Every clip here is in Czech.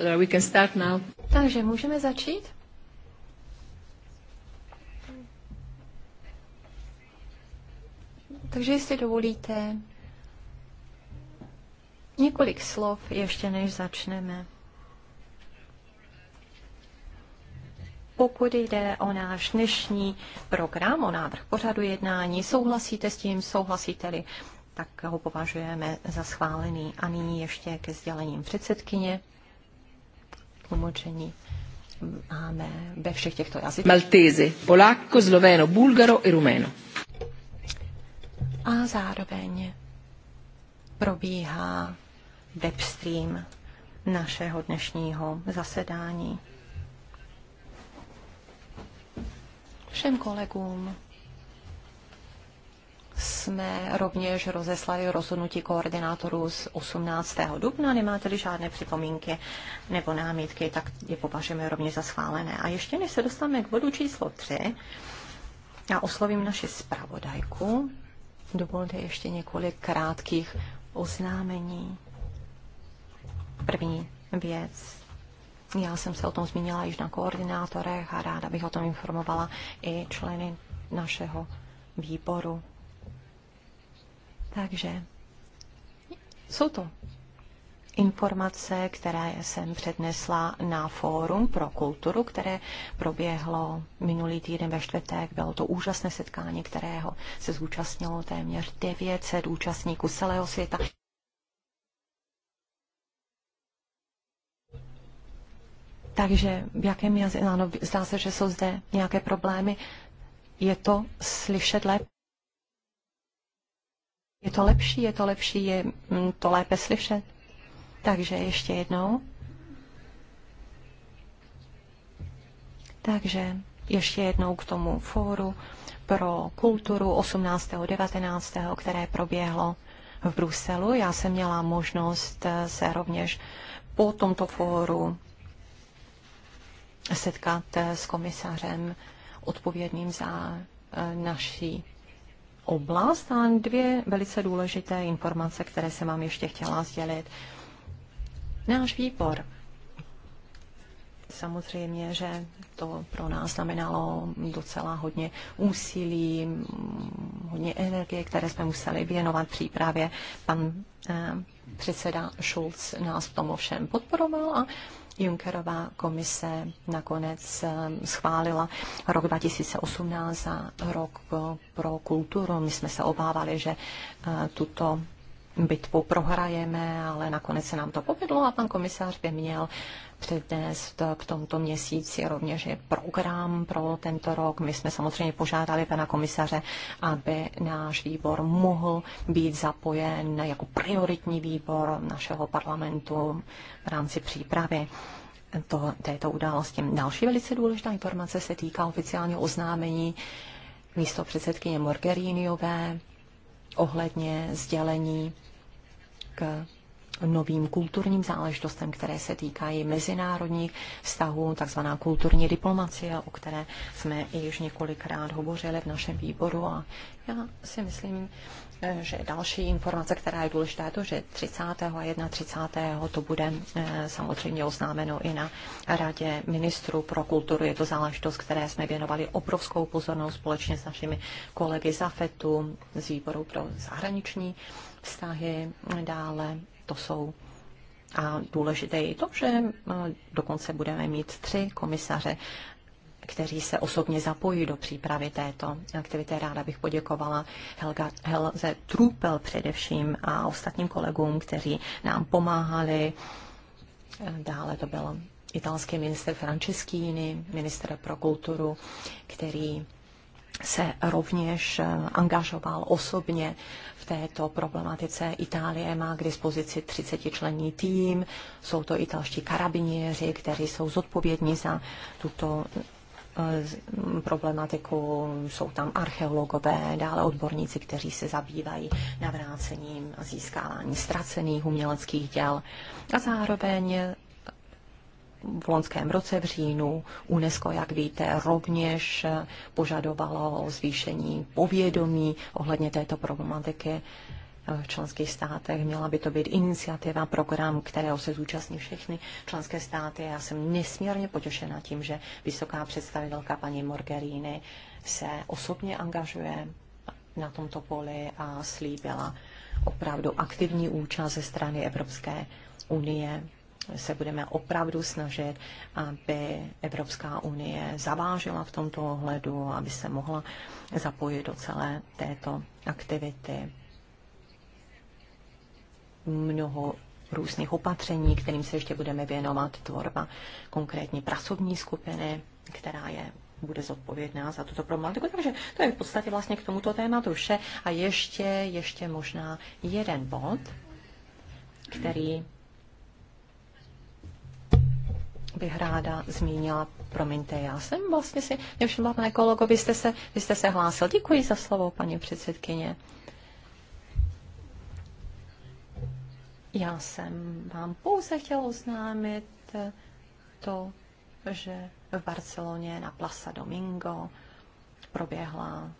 Uh, we can start now. Takže můžeme začít? Takže jestli dovolíte několik slov ještě než začneme. Pokud jde o náš dnešní program, o návrh pořadu jednání, souhlasíte s tím, souhlasíte-li, tak ho považujeme za schválený. A nyní ještě ke sdělením předsedkyně tlumočení máme ve všech těchto jazycích. Maltézy, Poláko, Sloveno, Bulgaro i Rumeno. A zároveň probíhá webstream našeho dnešního zasedání. Všem kolegům jsme rovněž rozeslali rozhodnutí koordinátorů z 18. dubna. Nemáte-li žádné připomínky nebo námitky, tak je považujeme rovněž za schválené. A ještě než se dostaneme k bodu číslo 3, já oslovím naši zpravodajku. Dovolte ještě několik krátkých oznámení. První věc. Já jsem se o tom zmínila již na koordinátorech a ráda bych o tom informovala i členy našeho výboru. Takže jsou to informace, které jsem přednesla na Fórum pro kulturu, které proběhlo minulý týden ve čtvrtek. Bylo to úžasné setkání, kterého se zúčastnilo téměř 900 účastníků celého světa. Takže v jakém jazyce, ano, zdá se, že jsou zde nějaké problémy, je to slyšet lépe. Je to lepší, je to lepší, je mm, to lépe slyšet. Takže ještě jednou. Takže ještě jednou k tomu fóru pro kulturu 18. 19. které proběhlo v Bruselu. Já jsem měla možnost eh, se rovněž po tomto fóru setkat eh, s komisařem odpovědným za eh, naší oblast a dvě velice důležité informace, které jsem vám ještě chtěla sdělit. Náš výbor samozřejmě, že to pro nás znamenalo docela hodně úsilí, hodně energie, které jsme museli věnovat přípravě. Pan eh, předseda Schulz nás v tom ovšem podporoval a Junckerová komise nakonec eh, schválila rok 2018 za rok eh, pro kulturu. My jsme se obávali, že eh, tuto bitvu prohrajeme, ale nakonec se nám to povedlo a pan komisář by měl přednést k tomuto měsíci rovněž je program pro tento rok. My jsme samozřejmě požádali pana komisaře, aby náš výbor mohl být zapojen jako prioritní výbor našeho parlamentu v rámci přípravy to, této události. Další velice důležitá informace se týká oficiálního oznámení místo předsedkyně Morgeriniové ohledně sdělení k novým kulturním záležitostem, které se týkají mezinárodních vztahů, takzvaná kulturní diplomacie, o které jsme již několikrát hovořili v našem výboru. A já si myslím, že další informace, která je důležitá, je to, že 30. a 31. to bude eh, samozřejmě oznámeno i na Radě ministrů pro kulturu. Je to záležitost, které jsme věnovali obrovskou pozornost společně s našimi kolegy z AFETu, z výboru pro zahraniční vztahy, dále to jsou a důležité je to, že eh, dokonce budeme mít tři komisaře, kteří se osobně zapojí do přípravy této aktivity. Ráda bych poděkovala Helga, Helze Trupel především a ostatním kolegům, kteří nám pomáhali. Eh, dále to byl italský minister Franceschini, minister pro kulturu, který se rovněž eh, angažoval osobně v této problematice. Itálie má k dispozici 30 člení tým, jsou to italští karabiněři, kteří jsou zodpovědní za tuto eh, problematiku, jsou tam archeologové, dále odborníci, kteří se zabývají navrácením a získáváním ztracených uměleckých děl. A zároveň v loňském roce v říjnu UNESCO, jak víte, rovněž požadovalo zvýšení povědomí ohledně této problematiky v členských státech. Měla by to být iniciativa, program, kterého se zúčastní všechny členské státy. Já jsem nesmírně potěšena tím, že vysoká představitelka paní Morgerini se osobně angažuje na tomto poli a slíbila opravdu aktivní účast ze strany Evropské unie se budeme opravdu snažit, aby Evropská unie zavážila v tomto ohledu, aby se mohla zapojit do celé této aktivity. Mnoho různých opatření, kterým se ještě budeme věnovat, tvorba konkrétní pracovní skupiny, která je bude zodpovědná za tuto problematiku. Takže to je v podstatě vlastně k tomuto tématu vše. A ještě, ještě možná jeden bod, který bych ráda zmínila. Promiňte, já jsem vlastně si nevšimla, pane kolego, vy jste, se, vy jste se hlásil. Děkuji za slovo, paní předsedkyně. Já jsem vám pouze chtěla oznámit to, že v Barceloně na Plaza Domingo proběhla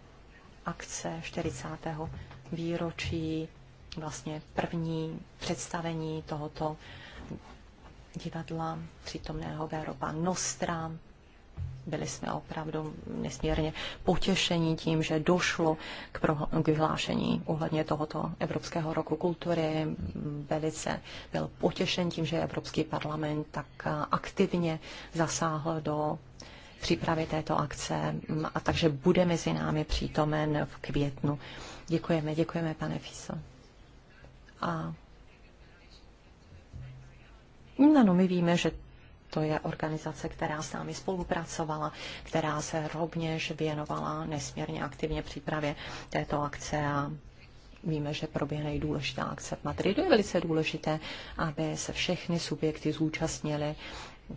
akce 40. výročí, vlastně první představení tohoto divadla přítomného Véropa Nostra. Byli jsme opravdu nesmírně potěšení tím, že došlo k, pro, k vyhlášení ohledně tohoto Evropského roku kultury. Velice byl potěšen tím, že Evropský parlament tak aktivně zasáhl do přípravy této akce a takže bude mezi námi přítomen v květnu. Děkujeme, děkujeme, pane Fiso. A No, my víme, že to je organizace, která s námi spolupracovala, která se rovněž věnovala nesmírně aktivně přípravě této akce a víme, že proběhne i důležitá akce v Madridu. Je velice důležité, aby se všechny subjekty zúčastnili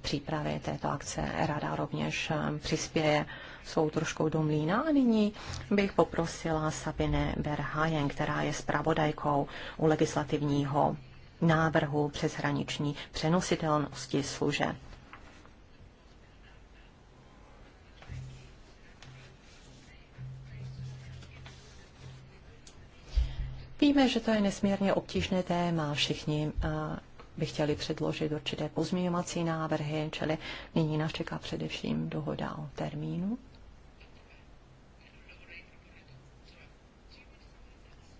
přípravy této akce. Rada rovněž eh, přispěje svou troškou do mlína. A nyní bych poprosila Sabine Berhajen, která je zpravodajkou u legislativního návrhu přeshraniční přenositelnosti služeb. Víme, že to je nesmírně obtížné téma. Všichni eh, by chtěli předložit určité pozměňovací návrhy, čili nyní nás čeká především dohoda o termínu.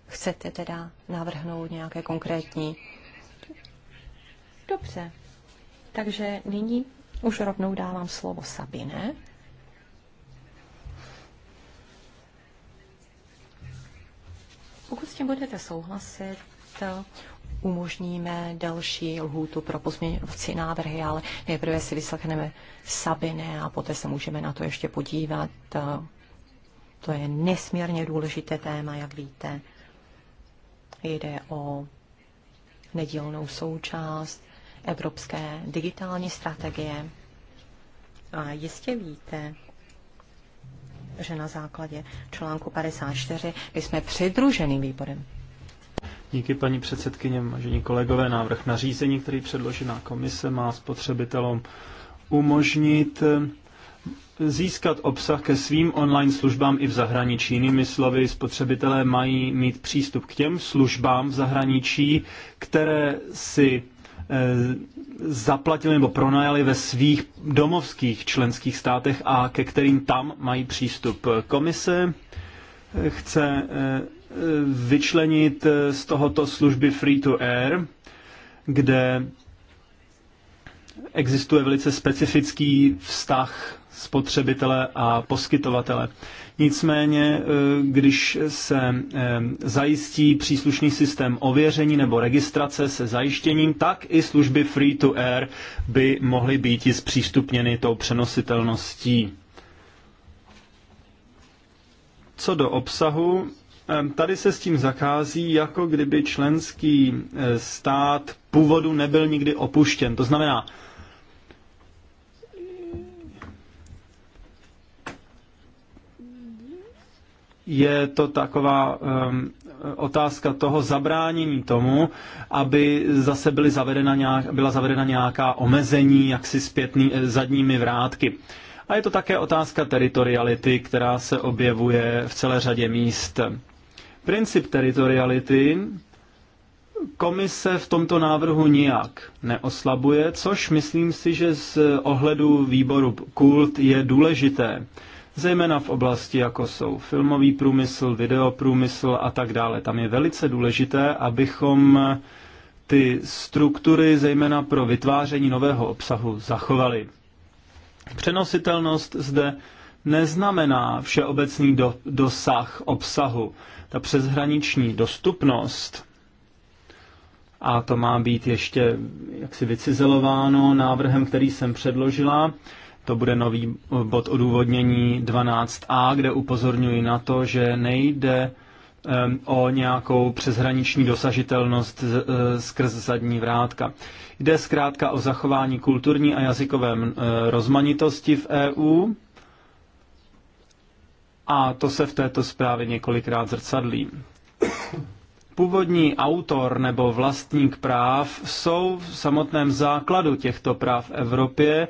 Chcete teda navrhnout nějaké konkrétní Dobře, takže nyní už rovnou dávám slovo Sabine. Pokud s tím budete souhlasit, umožníme další lhůtu pro pozměňovací návrhy, ale nejprve si vyslechneme Sabine a poté se můžeme na to ještě podívat. To je nesmírně důležité téma, jak víte. Jde o nedílnou součást evropské digitální strategie. A jistě víte, že na základě článku 54 jsme přidruženým výborem. Díky paní předsedkyně, vážení kolegové, návrh na řízení, který předložená komise má spotřebitelům umožnit eh, získat obsah ke svým online službám i v zahraničí. Jinými slovy, spotřebitelé mají mít přístup k těm službám v zahraničí, které si Eh, zaplatili nebo pronajali ve svých domovských členských státech a ke kterým tam mají přístup. Komise eh, chce eh, vyčlenit z tohoto služby Free to Air, kde existuje velice specifický vztah spotřebitele a poskytovatele. Nicméně, e, když se e, zajistí příslušný systém ověření nebo registrace se zajištěním, tak i služby free-to-air by mohly být zpřístupněny tou přenositelností. Co do obsahu, e, Tady se s tím zakází, jako kdyby členský stát původu nebyl nikdy opuštěn. To znamená, je to taková um, otázka toho zabránění tomu, aby zase byly zavedena nějak, byla zavedena nějaká omezení jaksi zpětný, eh, zadními vrátky. A je to také otázka teritoriality, která se objevuje v celé řadě míst. Princip teritoriality komise v tomto návrhu nijak neoslabuje, což myslím si, že z ohledu výboru kult je důležité zejména v oblasti, jako jsou filmový průmysl, videoprůmysl a tak dále. Tam je velice důležité, abychom ty struktury, zejména pro vytváření nového obsahu, zachovali. Přenositelnost zde neznamená všeobecný do, dosah obsahu. Ta přeshraniční dostupnost, a to má být ještě jaksi vycizelováno návrhem, který jsem předložila, to bude nový eh, bod odůvodnění 12a, kde upozorňuji na to, že nejde eh, o nějakou přeshraniční dosažitelnost eh, skrz zadní vrátka. Jde zkrátka o zachování kulturní a jazykové rozmanitosti v EU a to se v této zprávě několikrát zrcadlí. Původní autor nebo vlastník práv jsou v samotném základu těchto práv v Evropě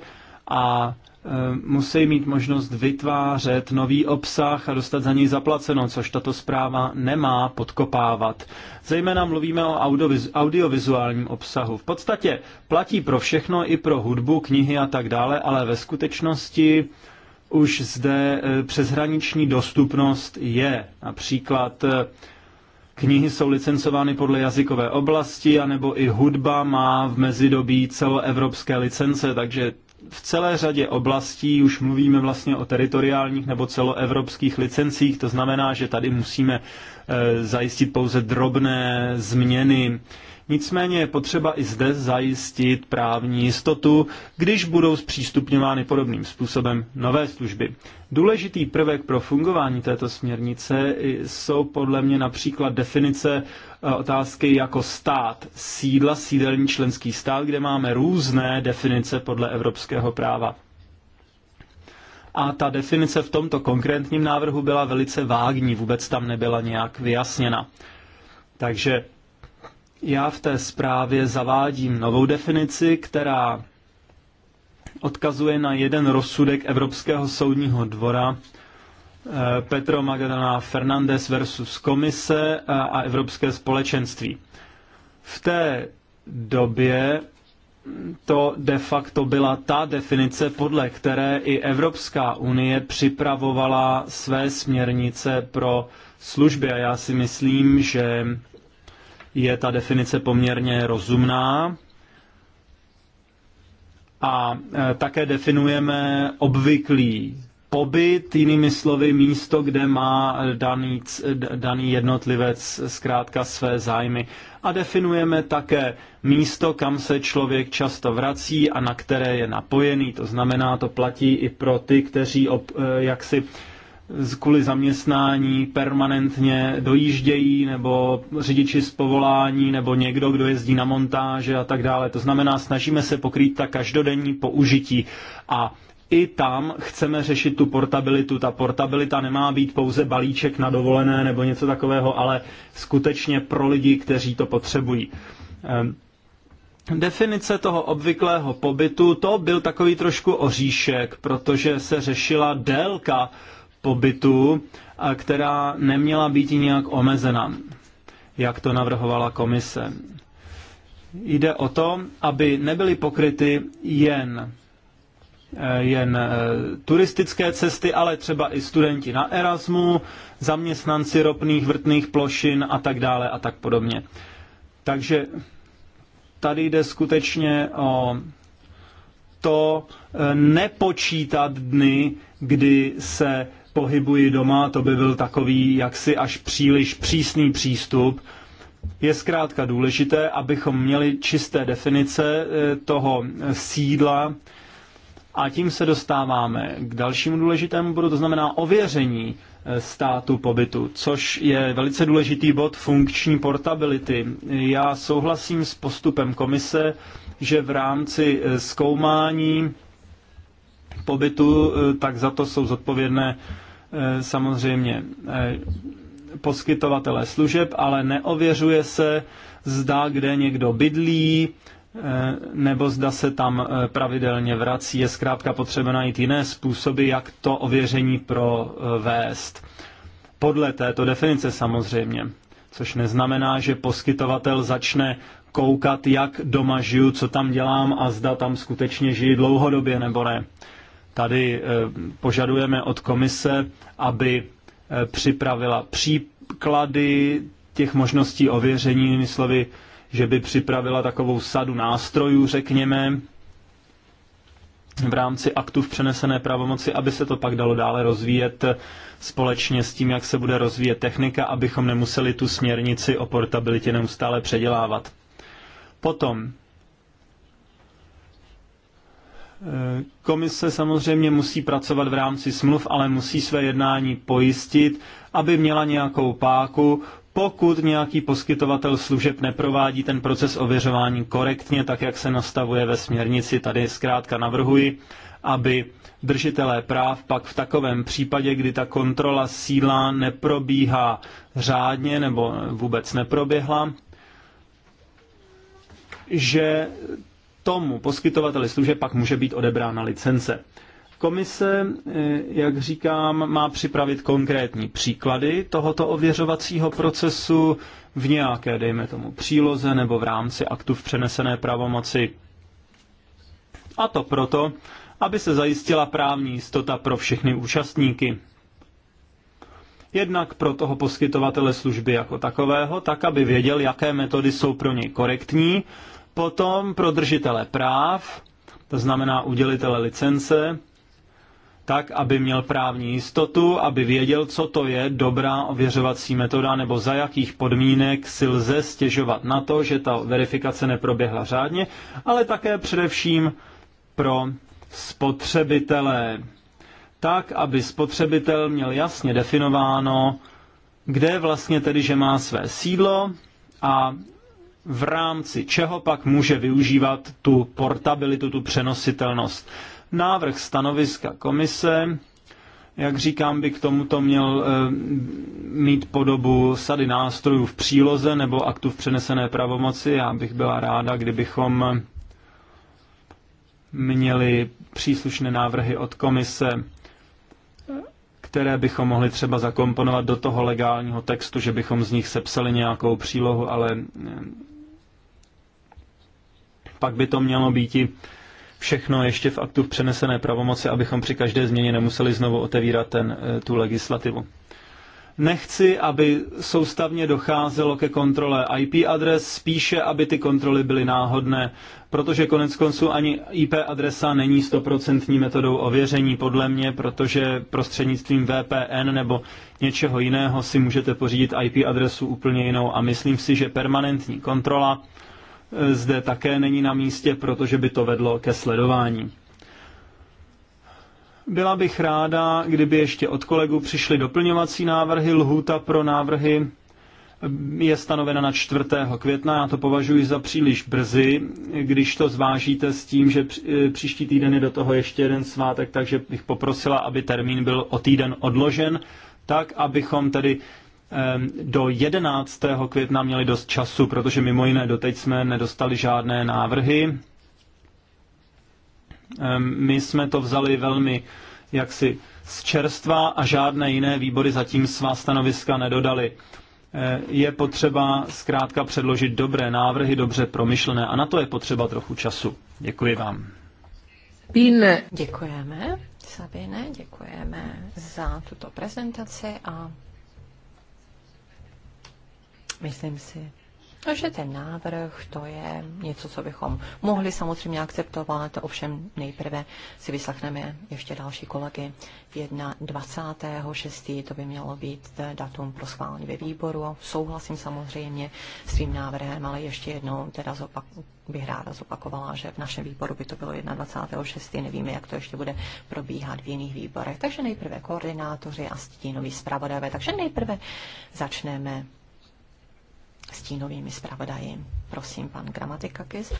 a Eh, musí mít možnost vytvářet nový obsah a dostat za něj zaplaceno, což tato zpráva nemá podkopávat. Zejména mluvíme o audiovizuálním obsahu. V podstatě platí pro všechno, i pro hudbu, knihy a tak dále, ale ve skutečnosti už zde eh, přeshraniční dostupnost je. Například eh, Knihy jsou licencovány podle jazykové oblasti, anebo i hudba má v mezidobí celoevropské licence, takže v celé řadě oblastí už mluvíme vlastně o teritoriálních nebo celoevropských licencích, to znamená, že tady musíme eh, zajistit pouze drobné změny Nicméně je potřeba i zde zajistit právní jistotu, když budou zpřístupňovány podobným způsobem nové služby. Důležitý prvek pro fungování této směrnice jsou podle mě například definice eh, otázky jako stát, sídla, sídelní členský stát, kde máme různé definice podle evropského práva a ta definice v tomto konkrétním návrhu byla velice vágní, vůbec tam nebyla nějak vyjasněna. Takže já v té zprávě zavádím novou definici, která odkazuje na jeden rozsudek Evropského soudního dvora eh, Petro Magdalena Fernandez versus Komise a Evropské společenství. V té době to de facto byla ta definice, podle které i Evropská unie připravovala své směrnice pro služby. A já si myslím, že je ta definice poměrně rozumná. A e, také definujeme obvyklý pobyt, jinými slovy místo, kde má daný, daný jednotlivec zkrátka své zájmy. A definujeme také místo, kam se člověk často vrací a na které je napojený. To znamená, to platí i pro ty, kteří e, jak si kvůli zaměstnání permanentně dojíždějí, nebo řidiči z povolání, nebo někdo, kdo jezdí na montáže a tak dále. To znamená, snažíme se pokrýt ta každodenní použití. A i tam chceme řešit tu portabilitu. Ta portabilita nemá být pouze balíček na dovolené nebo něco takového, ale skutečně pro lidi, kteří to potřebují. Ehm, definice toho obvyklého pobytu, to byl takový trošku oříšek, protože se řešila délka pobytu, a která neměla být nějak omezena, jak to navrhovala komise. Jde o to, aby nebyly pokryty jen eh, jen eh, turistické cesty, ale třeba i studenti na Erasmu, zaměstnanci ropných vrtných plošin a tak dále a tak podobně. Takže tady jde skutečně o to eh, nepočítat dny, kdy se pohybuji doma, to by byl takový jaksi až příliš přísný přístup. Je zkrátka důležité, abychom měli čisté definice eh, toho eh, sídla a tím se dostáváme k dalšímu důležitému bodu, to znamená ověření eh, státu pobytu, což je velice důležitý bod funkční portability. Já souhlasím s postupem komise, že v rámci zkoumání pobytu, tak za to jsou zodpovědné Eh, samozřejmě eh, poskytovatele služeb, ale neověřuje se, zda kde někdo bydlí, eh, nebo zda se tam pravidelně vrací. Je zkrátka potřeba najít jiné způsoby, jak to ověření provést. Podle této definice samozřejmě, což neznamená, že poskytovatel začne koukat, jak doma žiju, co tam dělám a zda tam skutečně žijí dlouhodobě nebo ne. Tady eh, požadujeme od komise, aby eh, připravila příklady těch možností ověření, jinými slovy, že by připravila takovou sadu nástrojů, řekněme, v rámci aktu v přenesené pravomoci, aby se to pak dalo dále rozvíjet eh, společně s tím, jak se bude rozvíjet technika, abychom nemuseli tu směrnici o portabilitě neustále předělávat. Potom Komise samozřejmě musí pracovat v rámci smluv, ale musí své jednání pojistit, aby měla nějakou páku, pokud nějaký poskytovatel služeb neprovádí ten proces ověřování korektně, tak jak se nastavuje ve směrnici, tady zkrátka navrhuji, aby držitelé práv pak v takovém případě, kdy ta kontrola síla neprobíhá řádně nebo vůbec neproběhla, že tomu poskytovateli služeb pak může být odebrána licence. Komise, eh, jak říkám, má připravit konkrétní příklady tohoto ověřovacího procesu v nějaké, dejme tomu, příloze nebo v rámci aktu v přenesené pravomoci. A to proto, aby se zajistila právní jistota pro všechny účastníky. Jednak pro toho poskytovatele služby jako takového, tak aby věděl, jaké metody jsou pro něj korektní Potom pro držitele práv, to znamená udělitele licence, tak, aby měl právní jistotu, aby věděl, co to je dobrá ověřovací metoda nebo za jakých podmínek si lze stěžovat na to, že ta verifikace neproběhla řádně, ale také především pro spotřebitele. Tak, aby spotřebitel měl jasně definováno, kde vlastně tedy, že má své sídlo a v rámci čeho pak může využívat tu portabilitu, tu přenositelnost. Návrh stanoviska komise, jak říkám, by k tomuto měl e, mít podobu sady nástrojů v příloze nebo aktu v přenesené pravomoci. Já bych byla ráda, kdybychom měli příslušné návrhy od komise které bychom mohli třeba zakomponovat do toho legálního textu, že bychom z nich sepsali nějakou přílohu, ale pak by to mělo být i všechno ještě v aktu v přenesené pravomoci, abychom při každé změně nemuseli znovu otevírat ten, eh, tu legislativu. Nechci, aby soustavně docházelo ke kontrole IP adres, spíše, aby ty kontroly byly náhodné, protože konec konců ani IP adresa není stoprocentní metodou ověření, podle mě, protože prostřednictvím VPN nebo něčeho jiného si můžete pořídit IP adresu úplně jinou a myslím si, že permanentní kontrola zde také není na místě, protože by to vedlo ke sledování. Byla bych ráda, kdyby ještě od kolegu přišly doplňovací návrhy. Lhůta pro návrhy je stanovena na 4. května. Já to považuji za příliš brzy, když to zvážíte s tím, že eh, příští týden je do toho ještě jeden svátek, takže bych poprosila, aby termín byl o týden odložen, tak abychom tedy Ehm, do 11. května měli dost času, protože mimo jiné doteď jsme nedostali žádné návrhy. Ehm, my jsme to vzali velmi jaksi z čerstva a žádné jiné výbory zatím svá stanoviska nedodali. Eh, je potřeba zkrátka předložit dobré návrhy, dobře promyšlené a na to je potřeba trochu času. Děkuji vám. Píne. Děkujeme, Sabine, děkujeme za tuto prezentaci a Myslím si, že ten návrh to je něco, co bychom mohli samozřejmě akceptovat, ovšem nejprve si vyslechneme ještě další kolegy. 21.6. to by mělo být datum pro schválení ve výboru. Souhlasím samozřejmě s tím návrhem, ale ještě jednou teda zopak, bych ráda zopakovala, že v našem výboru by to bylo 21.6. Nevíme, jak to ještě bude probíhat v jiných výborech. Takže nejprve koordinátoři a stínoví zpravodajové. Takže nejprve začneme stínovými zpravodaji. Prosím, pan Gramatikakis.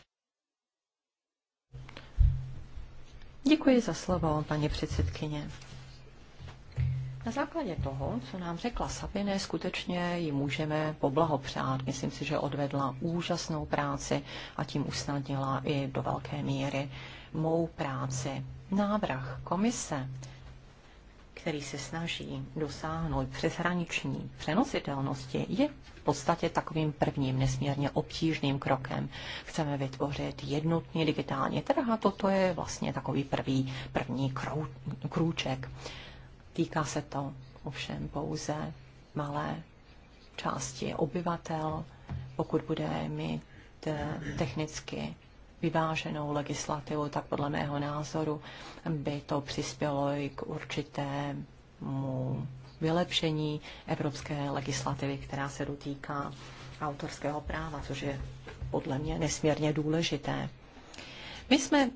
Děkuji za slovo, paní předsedkyně. Na základě toho, co nám řekla Sabine, skutečně ji můžeme poblahopřát. Myslím si, že odvedla úžasnou práci a tím usnadnila i do velké míry mou práci. Návrh komise který se snaží dosáhnout přeshraniční přenositelnosti, je v podstatě takovým prvním nesmírně obtížným krokem. Chceme vytvořit jednotný digitální trh a toto je vlastně takový prvý, první krů, krůček. Týká se to ovšem pouze malé části obyvatel, pokud bude mít eh, technicky vyváženou legislativu, tak podle mého názoru by to přispělo i k určitému vylepšení evropské legislativy, která se dotýká autorského práva, což je podle mě nesmírně důležité. My jsme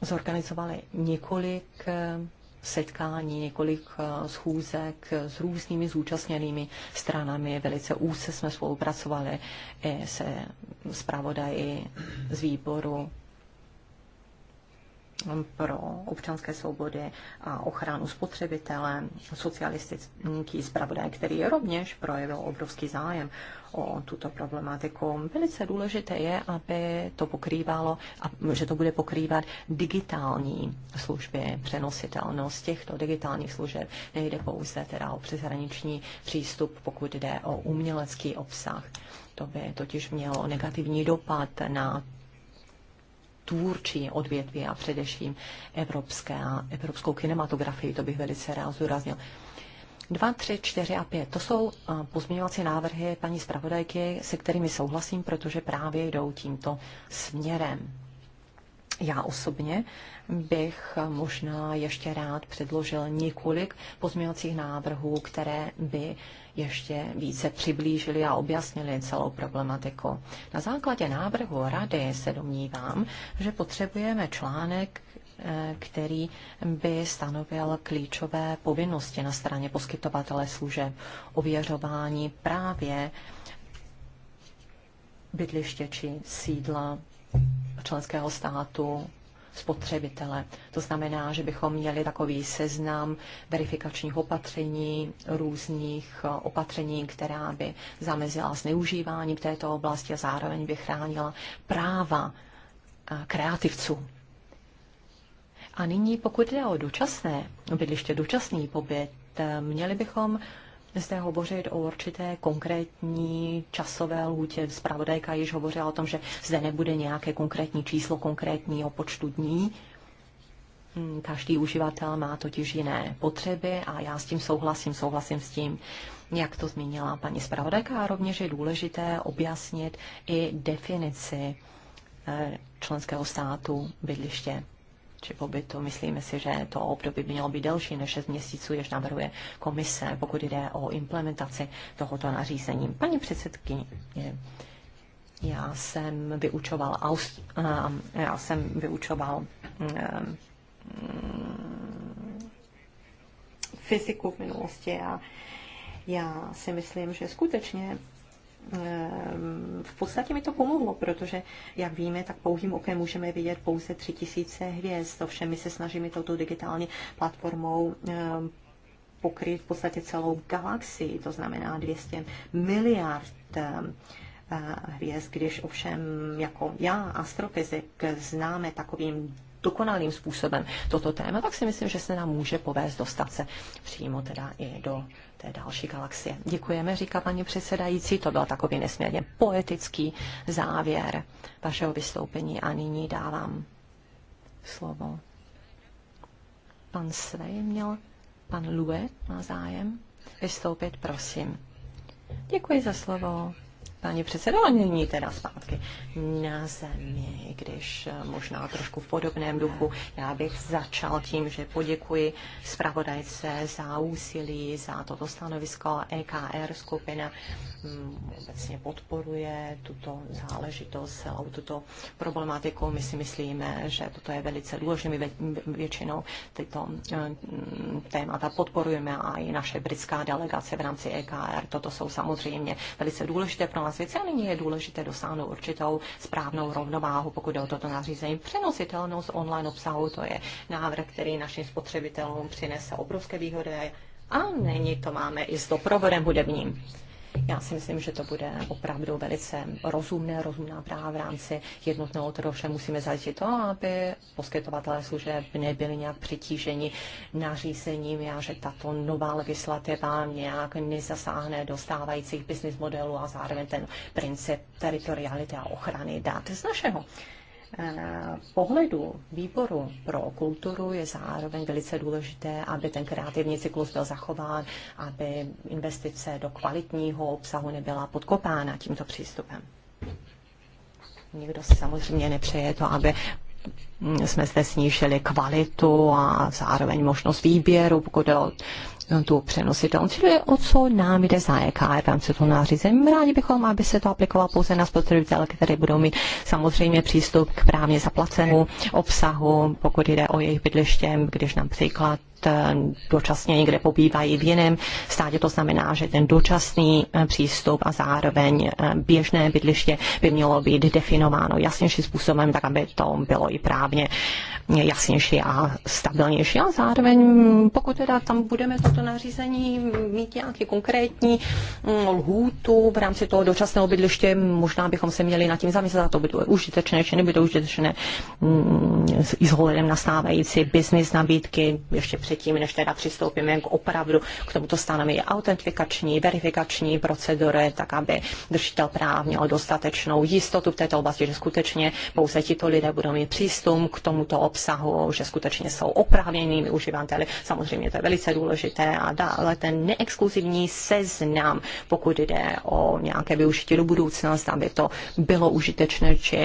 zorganizovali několik setkání, několik eh, schůzek s různými zúčastněnými stranami. Velice úzce jsme spolupracovali se zpravodaji z výboru pro občanské svobody a ochranu spotřebitele, socialistický zpravodaj, který rovněž projevil obrovský zájem o tuto problematiku. Velice důležité je, aby to pokrývalo, a že to bude pokrývat digitální služby, přenositelnost těchto digitálních služeb. Nejde pouze teda o přeshraniční přístup, pokud jde o umělecký obsah. To by totiž mělo negativní dopad na tvůrčí odvětví a především evropské, evropskou kinematografii, to bych velice rád zúraznil. Dva, tři, čtyři a pět. To jsou pozměňovací návrhy paní zpravodajky, se kterými souhlasím, protože právě jdou tímto směrem. Já osobně bych možná ještě rád předložil několik pozměňovacích návrhů, které by ještě více přiblížili a objasnili celou problematiku. Na základě návrhu rady se domnívám, že potřebujeme článek, eh, který by stanovil klíčové povinnosti na straně poskytovatele služeb, ověřování právě bydliště či sídla členského státu spotřebitele. To znamená, že bychom měli takový seznam verifikačních opatření, různých eh, opatření, která by zamezila zneužívání v této oblasti a zároveň by chránila práva eh, kreativců. A nyní, pokud jde o dočasné bydliště, dočasný pobyt, eh, měli bychom zde hovořit o určité konkrétní časové lhůtě. Zpravodajka již hovořila o tom, že zde nebude nějaké konkrétní číslo konkrétního počtu dní. Hmm, každý uživatel má totiž jiné potřeby a já s tím souhlasím, souhlasím s tím, jak to zmínila paní zpravodajka. A rovněž je důležité objasnit i definici eh, členského státu bydliště či pobytu. Myslíme si, že to období by mělo být delší než 6 měsíců, jež navrhuje komise, pokud jde o implementaci tohoto nařízení. Paní předsedkyně, já jsem vyučoval, Aust- já jsem vyučoval fyziku v minulosti a já si myslím, že skutečně Ehm, v podstatě mi to pomohlo, protože, jak víme, tak pouhým okem můžeme vidět pouze 3000 hvězd. Ovšem my se snažíme touto digitální platformou ehm, pokryt v podstatě celou galaxii, to znamená 200 miliard ehm, eh, hvězd, když ovšem jako já, astrofyzik, známe takovým dokonalým způsobem toto téma, tak si myslím, že se nám může povést dostat se přímo teda i do té další galaxie. Děkujeme, říká paní předsedající. To byl takový nesmírně poetický závěr vašeho vystoupení a nyní dávám slovo. Pan Svej měl, pan Lue má zájem vystoupit, prosím. Děkuji za slovo paní předsedo, nyní teda zpátky na zemi, když eh, možná trošku v podobném duchu. Já bych začal tím, že poděkuji zpravodajce za úsilí, za toto stanovisko. EKR skupina mm, obecně podporuje tuto záležitost, celou tuto problematiku. My si myslíme, že toto je velice důležité. My většinou tyto mm, témata podporujeme a i naše britská delegace v rámci EKR. Toto jsou samozřejmě velice důležité pro nás členského světa. A nyní je důležité dosáhnout určitou správnou rovnováhu, pokud jde o toto nařízení. Přenositelnost online obsahu, to je návrh, který našim spotřebitelům přinese obrovské výhody a není to máme i s doprovodem hudebním. Já si myslím, že to bude opravdu velice rozumné, rozumná práva v rámci jednotného trhu. Všem musíme zajistit to, aby poskytovatelé služeb nebyli nějak přitíženi nařízením a že tato nová legislativa nějak nezasáhne do stávajících business modelů a zároveň ten princip teritoriality a ochrany dat z našeho Eh, pohledu výboru pro kulturu je zároveň velice důležité, aby ten kreativní cyklus byl zachován, aby investice do kvalitního obsahu nebyla podkopána tímto přístupem. Nikdo si samozřejmě nepřeje to, aby hm, jsme zde snížili kvalitu a zároveň možnost výběru, pokud je o No, tu přenositelnost. Čili o co nám jde za EKR v rámci toho nářízení. Rádi bychom, aby se to aplikovalo pouze na spotřebitele, které budou mít samozřejmě přístup k právně zaplacenému obsahu, pokud jde o jejich bydliště, když například Eh, dočasně někde pobývají v jiném státě. To znamená, že ten dočasný eh, přístup a zároveň eh, běžné bydliště by mělo být definováno jasnějším způsobem, tak aby to bylo i právně jasnější a stabilnější. A zároveň, pokud teda tam budeme toto nařízení mít nějaký konkrétní mm, lhůtu v rámci toho dočasného bydliště, možná bychom se měli nad tím zamyslet, a to by to užitečné, či nebude užitečné, mm, i s ohledem na stávající business nabídky ještě před předtím, než teda přistoupíme k opravdu k tomuto stanovení je autentifikační, verifikační procedury, tak aby držitel práv měl dostatečnou jistotu v této oblasti, že skutečně pouze tito lidé budou mít přístup k tomuto obsahu, že skutečně jsou oprávněnými uživateli. Samozřejmě to je velice důležité a dále ten neexkluzivní seznam, pokud jde o nějaké využití do budoucnost, aby to bylo užitečné či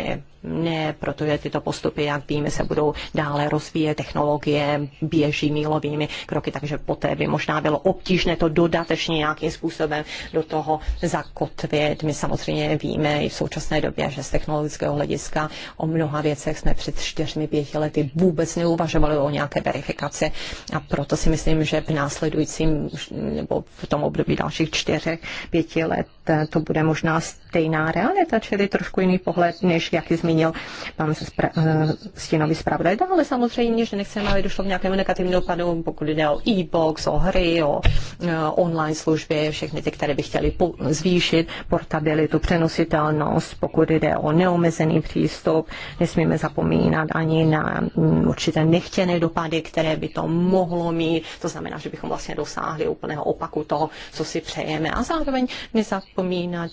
ne, protože tyto postupy, jak víme, se budou dále rozvíjet, technologie běží mílo kapitálovými kroky, takže poté by možná bylo obtížné to dodatečně nějakým způsobem do toho zakotvit. My samozřejmě víme i v současné době, že z technologického hlediska o mnoha věcech jsme před čtyřmi, pěti lety vůbec neuvažovali o nějaké verifikaci a proto si myslím, že v následujícím nebo v tom období dalších čtyřech, pěti let eh, to bude možná stejná realita, čili trošku jiný pohled, než jaký zmínil pan spra- eh, stínový zpravodaj. Ale samozřejmě, že nechceme, aby došlo k nějakému negativnímu dopadu, pokud jde o e-box, o hry, o eh, online služby, všechny ty, které by chtěli zvýšit portabilitu, přenositelnost, pokud jde o neomezený přístup, nesmíme zapomínat ani na mm, určité nechtěné dopady, které by to mohlo mít. To znamená, že bychom vlastně dosáhli úplného opaku toho, co si přejeme a zároveň nezapomínat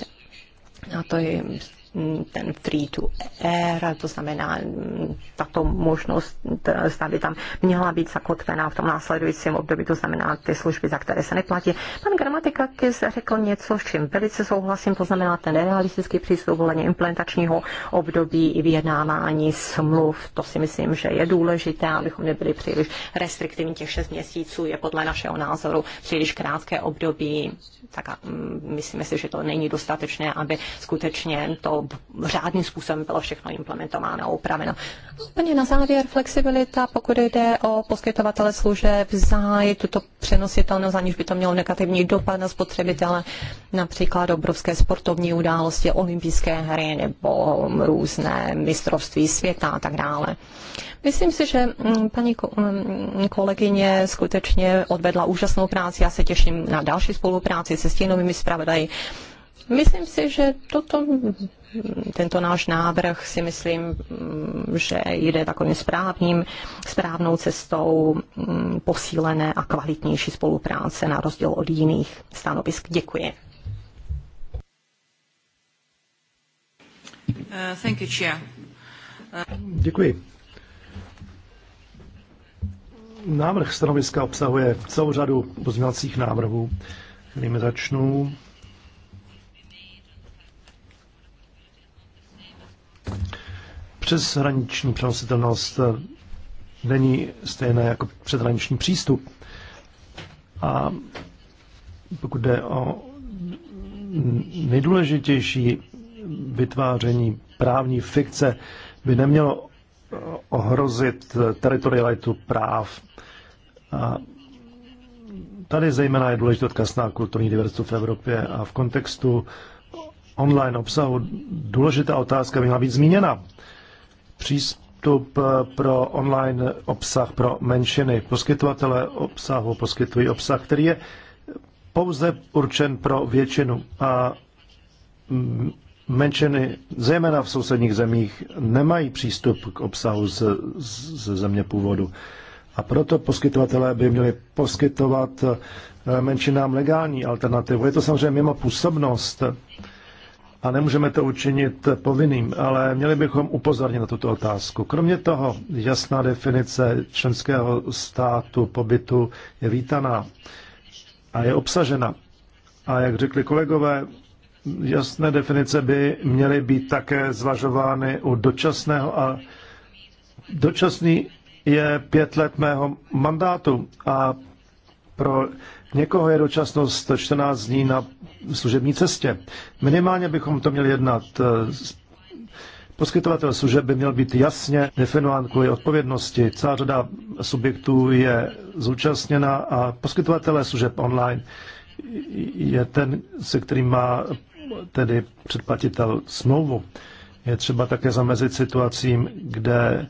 a to je ten free to air, to znamená mm, tato možnost, zda by tam měla být zakotvená v tom následujícím období, to znamená ty služby, za které se neplatí. Pan Kis řekl něco, s čím velice souhlasím, to znamená ten realistický přístup ohledně implementačního období i vyjednávání smluv. To si myslím, že je důležité, abychom nebyli příliš restriktivní. Těch šest měsíců je podle našeho názoru příliš krátké období, tak mm, myslím, si, že to není dostatečné, aby skutečně to řádným způsobem bylo všechno implementováno a upraveno. Úplně na závěr flexibilita, pokud jde o poskytovatele služeb, zájí tuto přenositelnost, aniž by to mělo negativní dopad na spotřebitele, například obrovské sportovní události, olympijské hry nebo různé mistrovství světa a tak dále. Myslím si, že mm, paní mm, kolegyně skutečně odvedla úžasnou práci. Já se těším na další spolupráci se stínovými zpravodaji Myslím si, že toto, tento náš návrh si myslím, že jde takovým správným, správnou cestou mm, posílené a kvalitnější spolupráce na rozdíl od jiných stanovisk. Děkuji. Uh, thank you, Chair. Uh... Děkuji. Návrh stanoviska obsahuje celou řadu pozměňovacích návrhů, kterými začnu. Přeshraniční přenositelnost eh, není stejná jako předhraniční přístup. A pokud jde o nejdůležitější vytváření právní fikce, by nemělo eh, ohrozit eh, teritorialitu práv. A tady zejména je důležitý odkaz na kulturní diverzitu v Evropě a v kontextu online obsahu důležitá otázka měla být zmíněna. Přístup eh, pro online obsah pro menšiny. Poskytovatele obsahu poskytují obsah, který je pouze určen pro většinu a menšiny, zejména v sousedních zemích, nemají přístup k obsahu ze ze země původu. A proto poskytovatelé by měli poskytovat eh, menšinám legální alternativu. Je to samozřejmě mimo působnost a nemůžeme to učinit povinným, ale měli bychom upozornit na tuto otázku. Kromě toho, jasná definice členského státu pobytu je vítaná a je obsažena. A jak řekli kolegové, jasné definice by měly být také zvažovány u dočasného a dočasný je pět let mého mandátu a pro někoho je dočasnost 14 dní na služební cestě. Minimálně bychom to měli jednat. Eh, poskytovatel služeb by měl být jasně definován kvůli odpovědnosti. Celá řada subjektů je zúčastněna a poskytovatelé služeb online je ten, se kterým má tedy předplatitel smlouvu. Je třeba také zamezit situacím, kde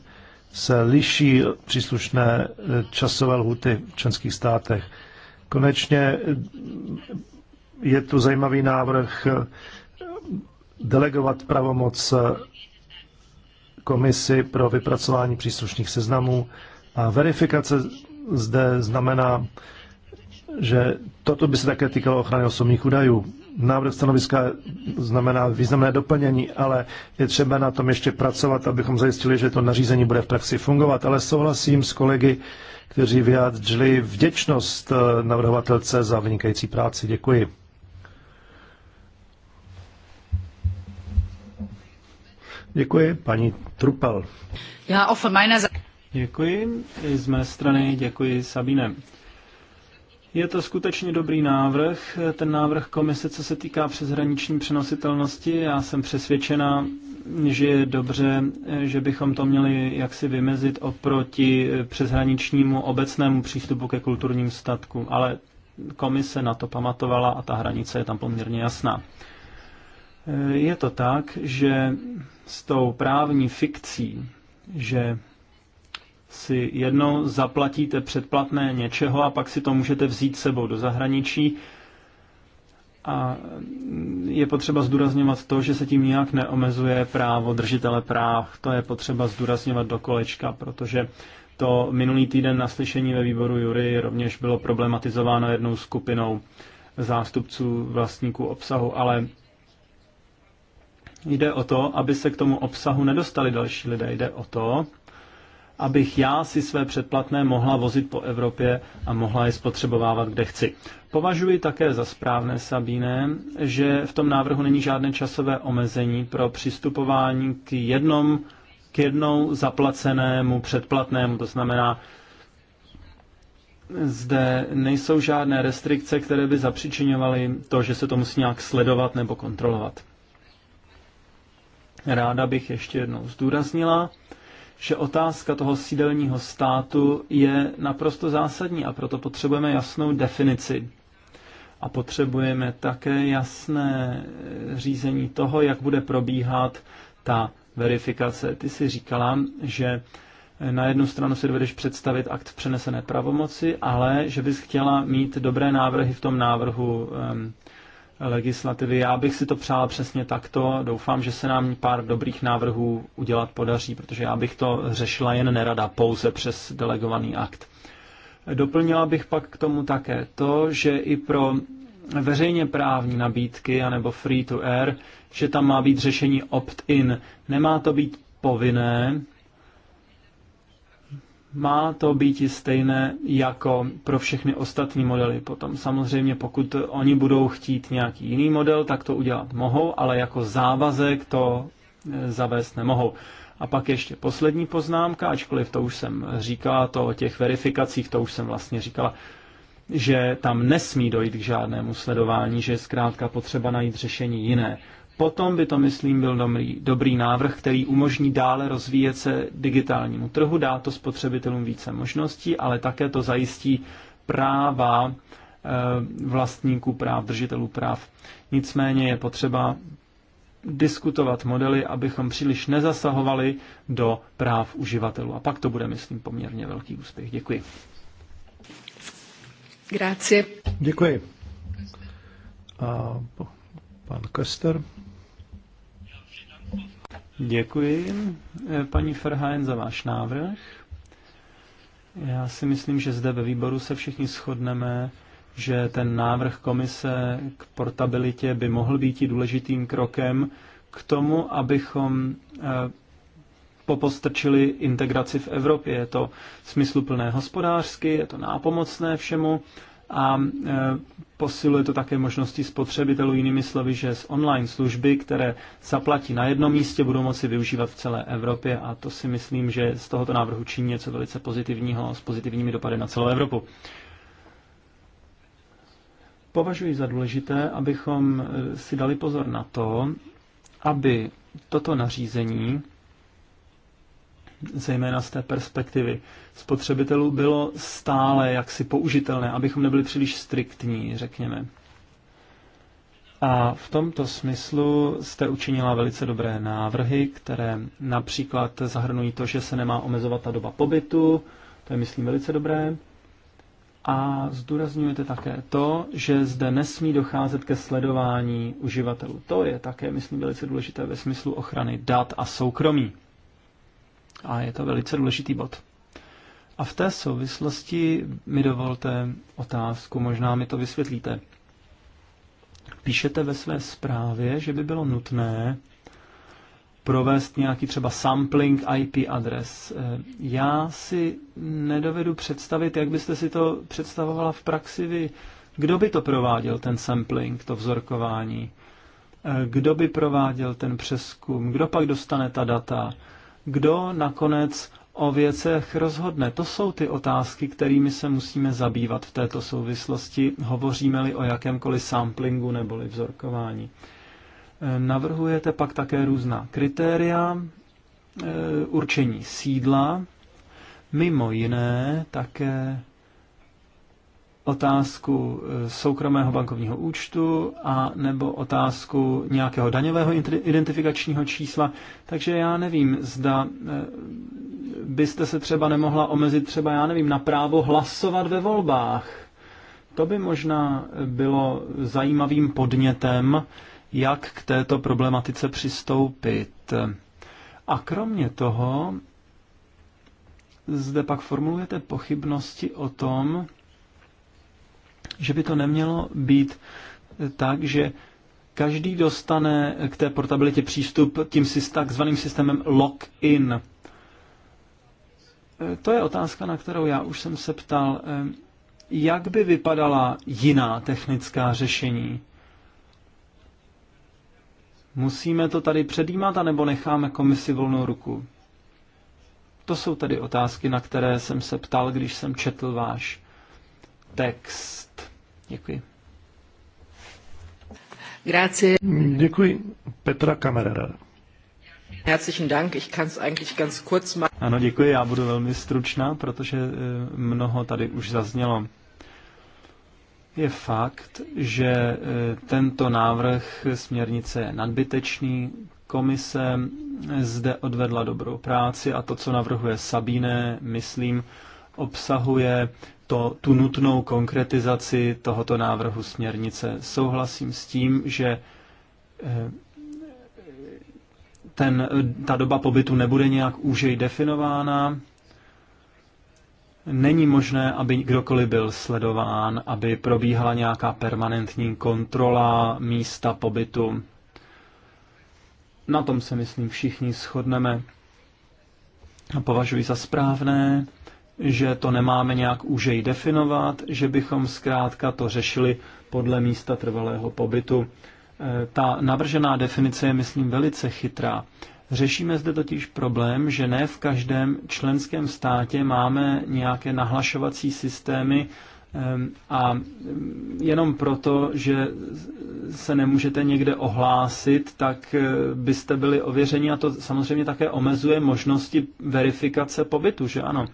se liší příslušné eh, časové lhuty v členských státech. Konečně je tu zajímavý návrh eh, delegovat pravomoc eh, komisi pro vypracování příslušných seznamů a verifikace zde znamená, že toto by se také týkalo ochrany osobních údajů. Návrh stanoviska znamená významné doplnění, ale je třeba na tom ještě pracovat, abychom zajistili, že to nařízení bude v praxi fungovat. Ale souhlasím s kolegy, kteří vyjádřili vděčnost eh, navrhovatelce za vynikající práci. Děkuji. Děkuji, paní Trupel. Já auch von Děkuji. I z mé strany děkuji Sabine. Je to skutečně dobrý návrh, ten návrh komise, co se týká přeshraniční přenositelnosti. Já jsem přesvědčena, že je dobře, že bychom to měli jaksi vymezit oproti přeshraničnímu obecnému přístupu ke kulturním statkům, ale komise na to pamatovala a ta hranice je tam poměrně jasná. Eh, je to tak, že s tou právní fikcí, že si jednou zaplatíte předplatné něčeho a pak si to můžete vzít sebou do zahraničí. A je potřeba zdůrazňovat to, že se tím nijak neomezuje právo držitele práv. To je potřeba zdůrazňovat do kolečka, protože to minulý týden na slyšení ve výboru Jury rovněž bylo problematizováno jednou skupinou zástupců vlastníků obsahu, ale Jde o to, aby se k tomu obsahu nedostali další lidé. Jde o to, abych já si své předplatné mohla vozit po Evropě a mohla je spotřebovávat, kde chci. Považuji také za správné, Sabíne, že v tom návrhu není žádné časové omezení pro přistupování k, jednom, k jednou zaplacenému předplatnému. To znamená, zde nejsou žádné restrikce, které by zapřičinovaly to, že se to musí nějak sledovat nebo kontrolovat. Ráda bych ještě jednou zdůraznila, že otázka toho sídelního státu je naprosto zásadní a proto potřebujeme jasnou definici. A potřebujeme také jasné eh, řízení toho, jak bude probíhat ta verifikace. Ty si říkala, že eh, na jednu stranu si dovedeš představit akt v přenesené pravomoci, ale že bys chtěla mít dobré návrhy v tom návrhu legislativy. Já bych si to přál přesně takto. Doufám, že se nám pár dobrých návrhů udělat podaří, protože já bych to řešila jen nerada, pouze přes delegovaný akt. Doplnila bych pak k tomu také to, že i pro veřejně právní nabídky anebo free to air, že tam má být řešení opt-in. Nemá to být povinné, má to být stejné jako pro všechny ostatní modely. Potom samozřejmě, pokud oni budou chtít nějaký jiný model, tak to udělat mohou, ale jako závazek to e, zavést nemohou. A pak ještě poslední poznámka, ačkoliv to už jsem říkala, to o těch verifikacích, to už jsem vlastně říkala, že tam nesmí dojít k žádnému sledování, že je zkrátka potřeba najít řešení jiné. Potom by to, myslím, byl dobrý, dobrý návrh, který umožní dále rozvíjet se digitálnímu trhu, dá to spotřebitelům více možností, ale také to zajistí práva eh, vlastníků práv, držitelů práv. Nicméně je potřeba diskutovat modely, abychom příliš nezasahovali do práv uživatelů. A pak to bude, myslím, poměrně velký úspěch. Děkuji. Grazie. Děkuji. A pan Köster. Děkuji, eh, paní Ferhajen, za váš návrh. Já si myslím, že zde ve výboru se všichni shodneme, že ten návrh komise k portabilitě by mohl být i důležitým krokem k tomu, abychom eh, popostrčili integraci v Evropě. Je to smysluplné hospodářsky, je to nápomocné všemu a eh, Posiluje to také možnosti spotřebitelů, jinými slovy, že z online služby, které zaplatí na jednom místě, budou moci využívat v celé Evropě a to si myslím, že z tohoto návrhu činí něco velice pozitivního s pozitivními dopady na celou Evropu. Považuji za důležité, abychom eh, si dali pozor na to, aby toto nařízení zejména z té perspektivy spotřebitelů, bylo stále jaksi použitelné, abychom nebyli příliš striktní, řekněme. A v tomto smyslu jste učinila velice dobré návrhy, které například zahrnují to, že se nemá omezovat ta doba pobytu, to je, myslím, velice dobré. A zdůrazňujete také to, že zde nesmí docházet ke sledování uživatelů. To je také, myslím, velice důležité ve smyslu ochrany dat a soukromí. A je to velice důležitý bod. A v té souvislosti mi dovolte otázku, možná mi to vysvětlíte. Píšete ve své zprávě, že by bylo nutné provést nějaký třeba sampling IP adres. Eh, já si nedovedu představit, jak byste si to představovala v praxi vy. Kdo by to prováděl, ten sampling, to vzorkování? Eh, kdo by prováděl ten přeskum? Kdo pak dostane ta data? kdo nakonec o věcech rozhodne. To jsou ty otázky, kterými se musíme zabývat v této souvislosti, hovoříme-li o jakémkoli samplingu neboli vzorkování. E, navrhujete pak také různá kritéria e, určení sídla, mimo jiné také otázku e, soukromého bankovního účtu a nebo otázku nějakého daňového identifikačního čísla. Takže já nevím, zda e, byste se třeba nemohla omezit třeba, já nevím, na právo hlasovat ve volbách. To by možná bylo zajímavým podnětem, jak k této problematice přistoupit. A kromě toho, zde pak formulujete pochybnosti o tom, že by to nemělo být tak, že každý dostane k té portabilitě přístup tím takzvaným systémem lock-in. E, to je otázka, na kterou já už jsem se ptal. E, jak by vypadala jiná technická řešení? Musíme to tady předjímat, anebo necháme komisi volnou ruku? To jsou tedy otázky, na které jsem se ptal, když jsem četl váš text. Děkuji. Grazie. Děkuji. Petra Kamerera. Herzlichen Dank, ich kann es eigentlich ganz kurz machen. Ano, děkuji, já budu velmi stručná, protože eh, mnoho tady už zaznělo. Je fakt, že eh, tento návrh směrnice je nadbytečný, komise eh, zde odvedla dobrou práci a to, co navrhuje Sabine, myslím, obsahuje to, tu nutnou konkretizaci tohoto návrhu směrnice. Souhlasím s tím, že eh, ten, ta doba pobytu nebude nějak úžej definována. Není možné, aby kdokoliv byl sledován, aby probíhala nějaká permanentní kontrola místa pobytu. Na tom se, myslím, všichni shodneme a považuji za správné, že to nemáme nějak užej definovat, že bychom zkrátka to řešili podle místa trvalého pobytu. E, ta navržená definice je, myslím, velice chytrá. Řešíme zde totiž problém, že ne v každém členském státě máme nějaké nahlašovací systémy e, a jenom proto, že se nemůžete někde ohlásit, tak e, byste byli ověřeni a to samozřejmě také omezuje možnosti verifikace pobytu, že ano.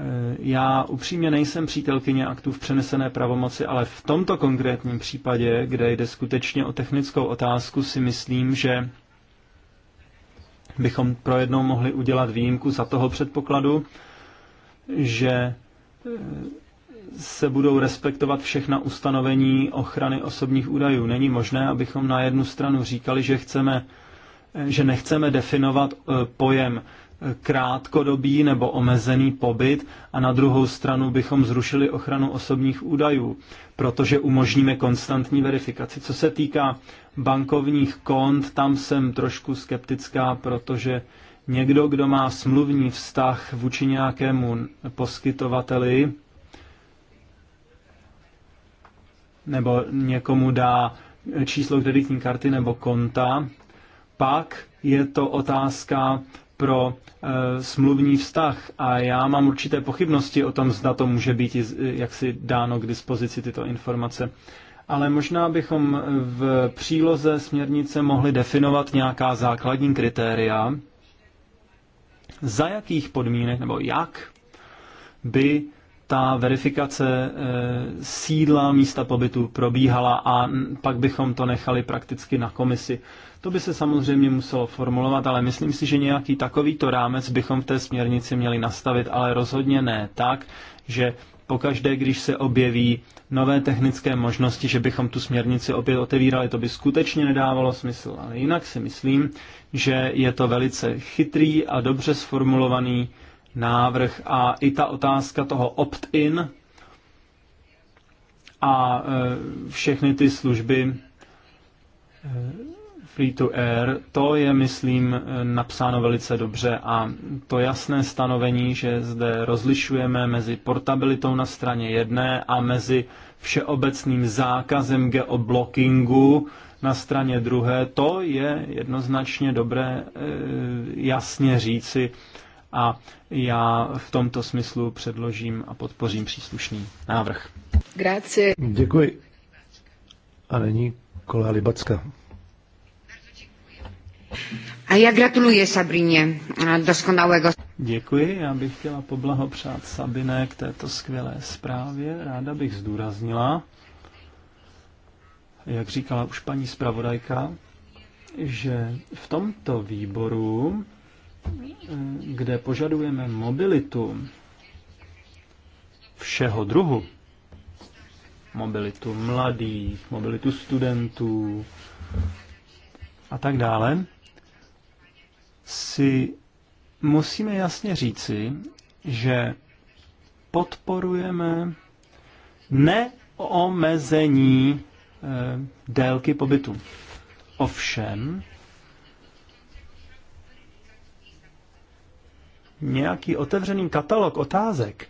Eh, já upřímně nejsem přítelkyně aktů v přenesené pravomoci, ale v tomto konkrétním případě, kde jde skutečně o technickou otázku, si myslím, že bychom pro jednou mohli udělat výjimku za toho předpokladu, že eh, se budou respektovat všechna ustanovení ochrany osobních údajů. Není možné, abychom na jednu stranu říkali, že chceme eh, že nechceme definovat pojem krátkodobý nebo omezený pobyt a na druhou stranu bychom zrušili ochranu osobních údajů, protože umožníme konstantní verifikaci. Co se týká bankovních kont, tam jsem trošku skeptická, protože někdo, kdo má smluvní vztah vůči nějakému poskytovateli nebo někomu dá číslo kreditní karty nebo konta, pak je to otázka pro e, smluvní vztah a já mám určité pochybnosti o tom, zda to může být eh, jaksi dáno k dispozici tyto informace. Ale možná bychom eh, v příloze směrnice mohli definovat nějaká základní kritéria, za jakých podmínek nebo jak by ta verifikace eh, sídla místa pobytu probíhala a pak bychom to nechali prakticky na komisi. To by se samozřejmě muselo formulovat, ale myslím si, že nějaký takovýto rámec bychom v té směrnici měli nastavit, ale rozhodně ne tak, že pokaždé, když se objeví nové technické možnosti, že bychom tu směrnici opět otevírali, to by skutečně nedávalo smysl. Ale jinak si myslím, že je to velice chytrý a dobře sformulovaný návrh a i ta otázka toho opt-in a e, všechny ty služby e, free to air, to je, myslím, napsáno velice dobře a to jasné stanovení, že zde rozlišujeme mezi portabilitou na straně jedné a mezi všeobecným zákazem geoblockingu na straně druhé, to je jednoznačně dobré e, jasně říci a já v tomto smyslu předložím a podpořím příslušný návrh. Grazie. Děkuji. A není kolá Libacka. A já gratuluji Sabrině doskonalého. Děkuji, já bych chtěla poblahopřát Sabine, k této skvělé zprávě. Ráda bych zdůraznila, jak říkala už paní zpravodajka, že v tomto výboru kde požadujeme mobilitu všeho druhu, mobilitu mladých, mobilitu studentů a tak dále, si musíme jasně říci, že podporujeme neomezení eh, délky pobytu. Ovšem, nějaký otevřený katalog otázek,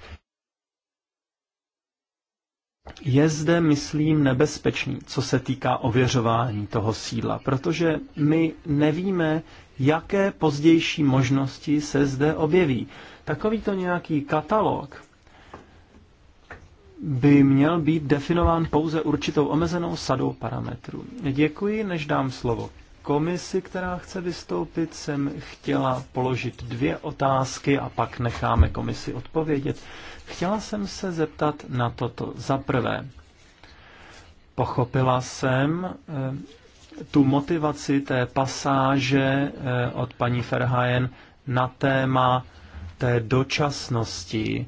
je zde, myslím, nebezpečný, co se týká ověřování toho sídla, protože my nevíme, jaké pozdější možnosti se zde objeví. Takovýto nějaký katalog by měl být definován pouze určitou omezenou sadou parametrů. Děkuji, než dám slovo komisi, která chce vystoupit, jsem chtěla položit dvě otázky a pak necháme komisi odpovědět. Chtěla jsem se zeptat na toto. Za prvé, pochopila jsem eh, tu motivaci té pasáže eh, od paní Ferhajen na téma té dočasnosti,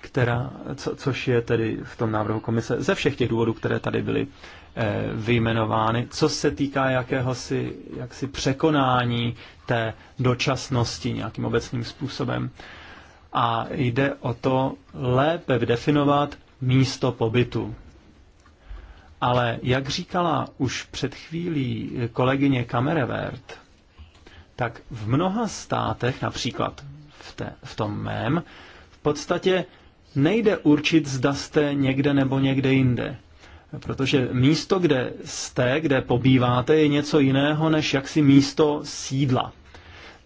která, co, což je tedy v tom návrhu komise ze všech těch důvodů, které tady byly Eh, vyjmenovány, co se týká jakéhosi jaksi překonání té dočasnosti nějakým obecným způsobem. A jde o to lépe definovat místo pobytu. Ale jak říkala už před chvílí kolegyně Kamerevert, tak v mnoha státech, například v, té, v tom mém, v podstatě nejde určit, zda jste někde nebo někde jinde. Protože místo, kde jste, kde pobýváte, je něco jiného než jaksi místo sídla.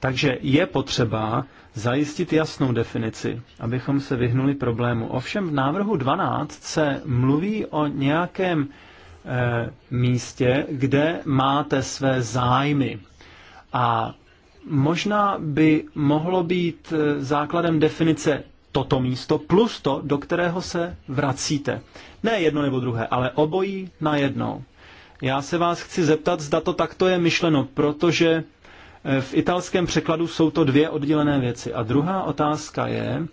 Takže je potřeba zajistit jasnou definici, abychom se vyhnuli problému. Ovšem v návrhu 12 se mluví o nějakém eh, místě, kde máte své zájmy. A možná by mohlo být eh, základem definice toto místo plus to, do kterého se vracíte. Ne jedno nebo druhé, ale obojí na jednou. Já se vás chci zeptat, zda to takto je myšleno, protože eh, v italském překladu jsou to dvě oddělené věci. A druhá otázka je,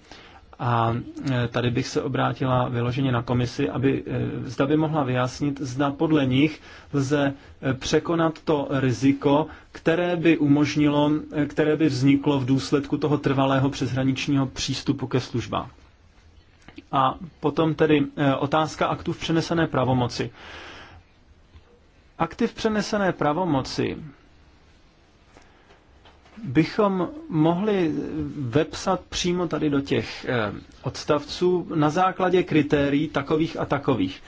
a e, tady bych se obrátila vyloženě na komisi, aby e, zda by mohla vyjasnit, zda podle nich lze e, překonat to riziko, které by umožnilo, které by vzniklo v důsledku toho trvalého přeshraničního přístupu ke službám. A potom tedy otázka aktů v přenesené pravomoci. Aktiv přenesené pravomoci bychom mohli vepsat přímo tady do těch eh, odstavců na základě kritérií takových a takových.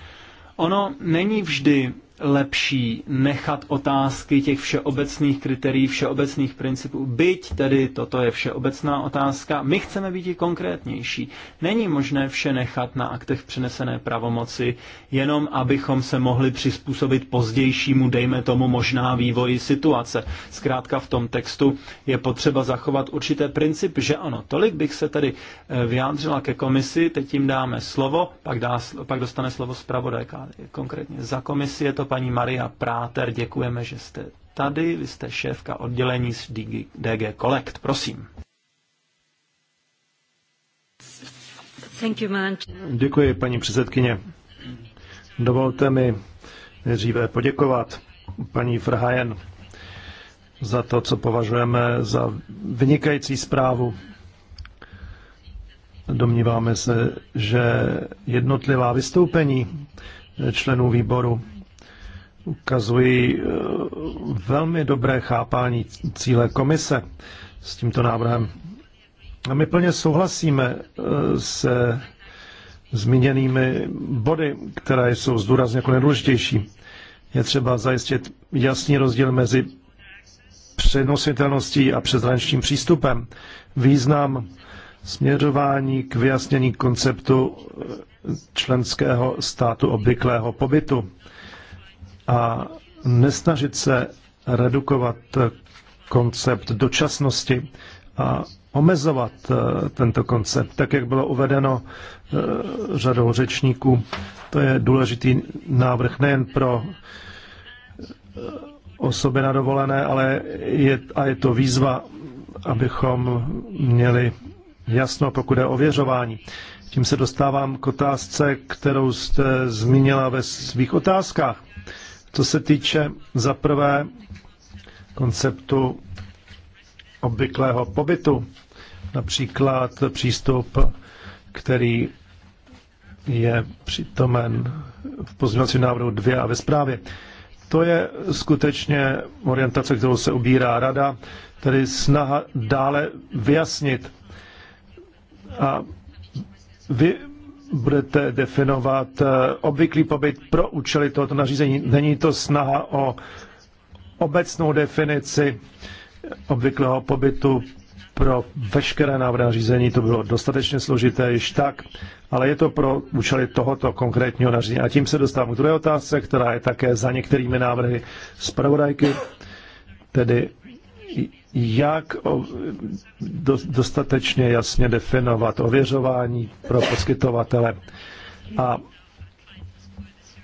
Ono není vždy lepší nechat otázky těch všeobecných kritérií, všeobecných principů, byť tedy toto je všeobecná otázka, my chceme být i konkrétnější. Není možné vše nechat na aktech přenesené pravomoci, jenom abychom se mohli přizpůsobit pozdějšímu, dejme tomu možná vývoji situace. Zkrátka v tom textu je potřeba zachovat určité princip, že ano, tolik bych se tedy eh, vyjádřila ke komisi, teď jim dáme slovo, pak, dá, pak dostane slovo zpravodajka. Konkrétně za komisi je to paní Maria Práter, děkujeme, že jste tady. Vy jste šéfka oddělení z DG, DG Collect. Prosím. Děkuji, paní předsedkyně. Dovolte mi nejdříve poděkovat paní Frhajen za to, co považujeme za vynikající zprávu. Domníváme se, že jednotlivá vystoupení členů výboru ukazují eh, velmi dobré chápání cíle komise s tímto návrhem. A my plně souhlasíme eh, se zmíněnými body, které jsou zdůrazně jako nejdůležitější. Je třeba zajistit jasný rozdíl mezi přenositelností a přeshraničním přístupem. Význam směřování k vyjasnění konceptu eh, členského státu obvyklého pobytu a nesnažit se redukovat koncept dočasnosti a omezovat eh, tento koncept, tak jak bylo uvedeno eh, řadou řečníků. To je důležitý návrh nejen pro eh, osoby na dovolené, ale je, a je to výzva, abychom měli jasno, pokud je ověřování. Tím se dostávám k otázce, kterou jste zmínila ve svých otázkách. Co se týče za prvé konceptu obvyklého pobytu, například přístup, který je přitomen v pozměňovacím návrhu 2 a ve zprávě. To je skutečně orientace, kterou se ubírá rada, tedy snaha dále vyjasnit a vy, budete definovat eh, obvyklý pobyt pro účely tohoto nařízení. Není to snaha o obecnou definici obvyklého pobytu pro veškeré návrhy nařízení, to bylo dostatečně složité již tak, ale je to pro účely tohoto konkrétního nařízení. A tím se dostávám k druhé otázce, která je také za některými návrhy zpravodajky, tedy jak dostatečně jasně definovat ověřování pro poskytovatele. A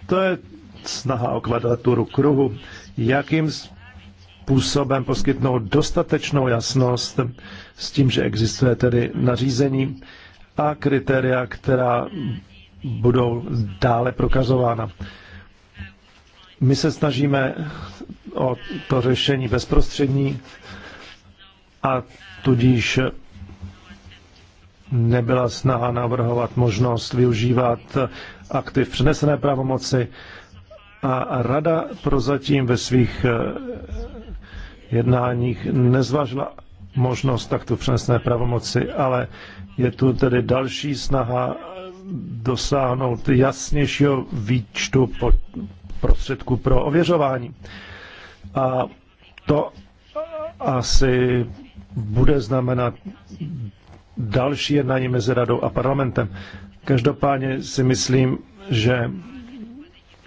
to je snaha o kvadraturu kruhu, jakým způsobem poskytnout dostatečnou jasnost s tím, že existuje tedy nařízení a kritéria, která budou dále prokazována. My se snažíme o to řešení bezprostřední a tudíž nebyla snaha navrhovat možnost využívat aktiv přenesené pravomoci a rada prozatím ve svých eh, jednáních nezvažila možnost takto přenesené pravomoci, ale je tu tedy další snaha dosáhnout jasnějšího výčtu prostředků pro ověřování. A to asi bude znamenat další jednání mezi radou a parlamentem. Každopádně si myslím, že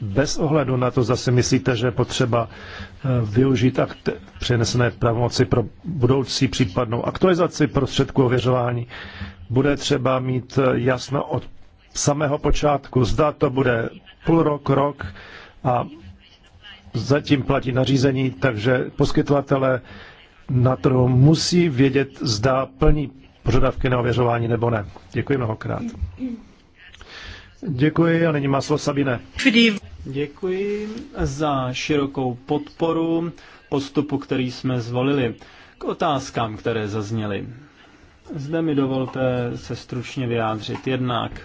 bez ohledu na to, zase myslíte, že je potřeba eh, využít akt přenesené pravomoci pro budoucí případnou aktualizaci prostředků ověřování, bude třeba mít eh, jasno od samého počátku, zda to bude půl rok, rok, a zatím platí nařízení, takže poskytovatele na trhu musí vědět, zda plní požadavky na ověřování nebo ne. Děkuji mnohokrát. Děkuji a nyní má slovo Sabine. Děkuji za širokou podporu postupu, který jsme zvolili. K otázkám, které zazněly. Zde mi dovolte se stručně vyjádřit. Jednak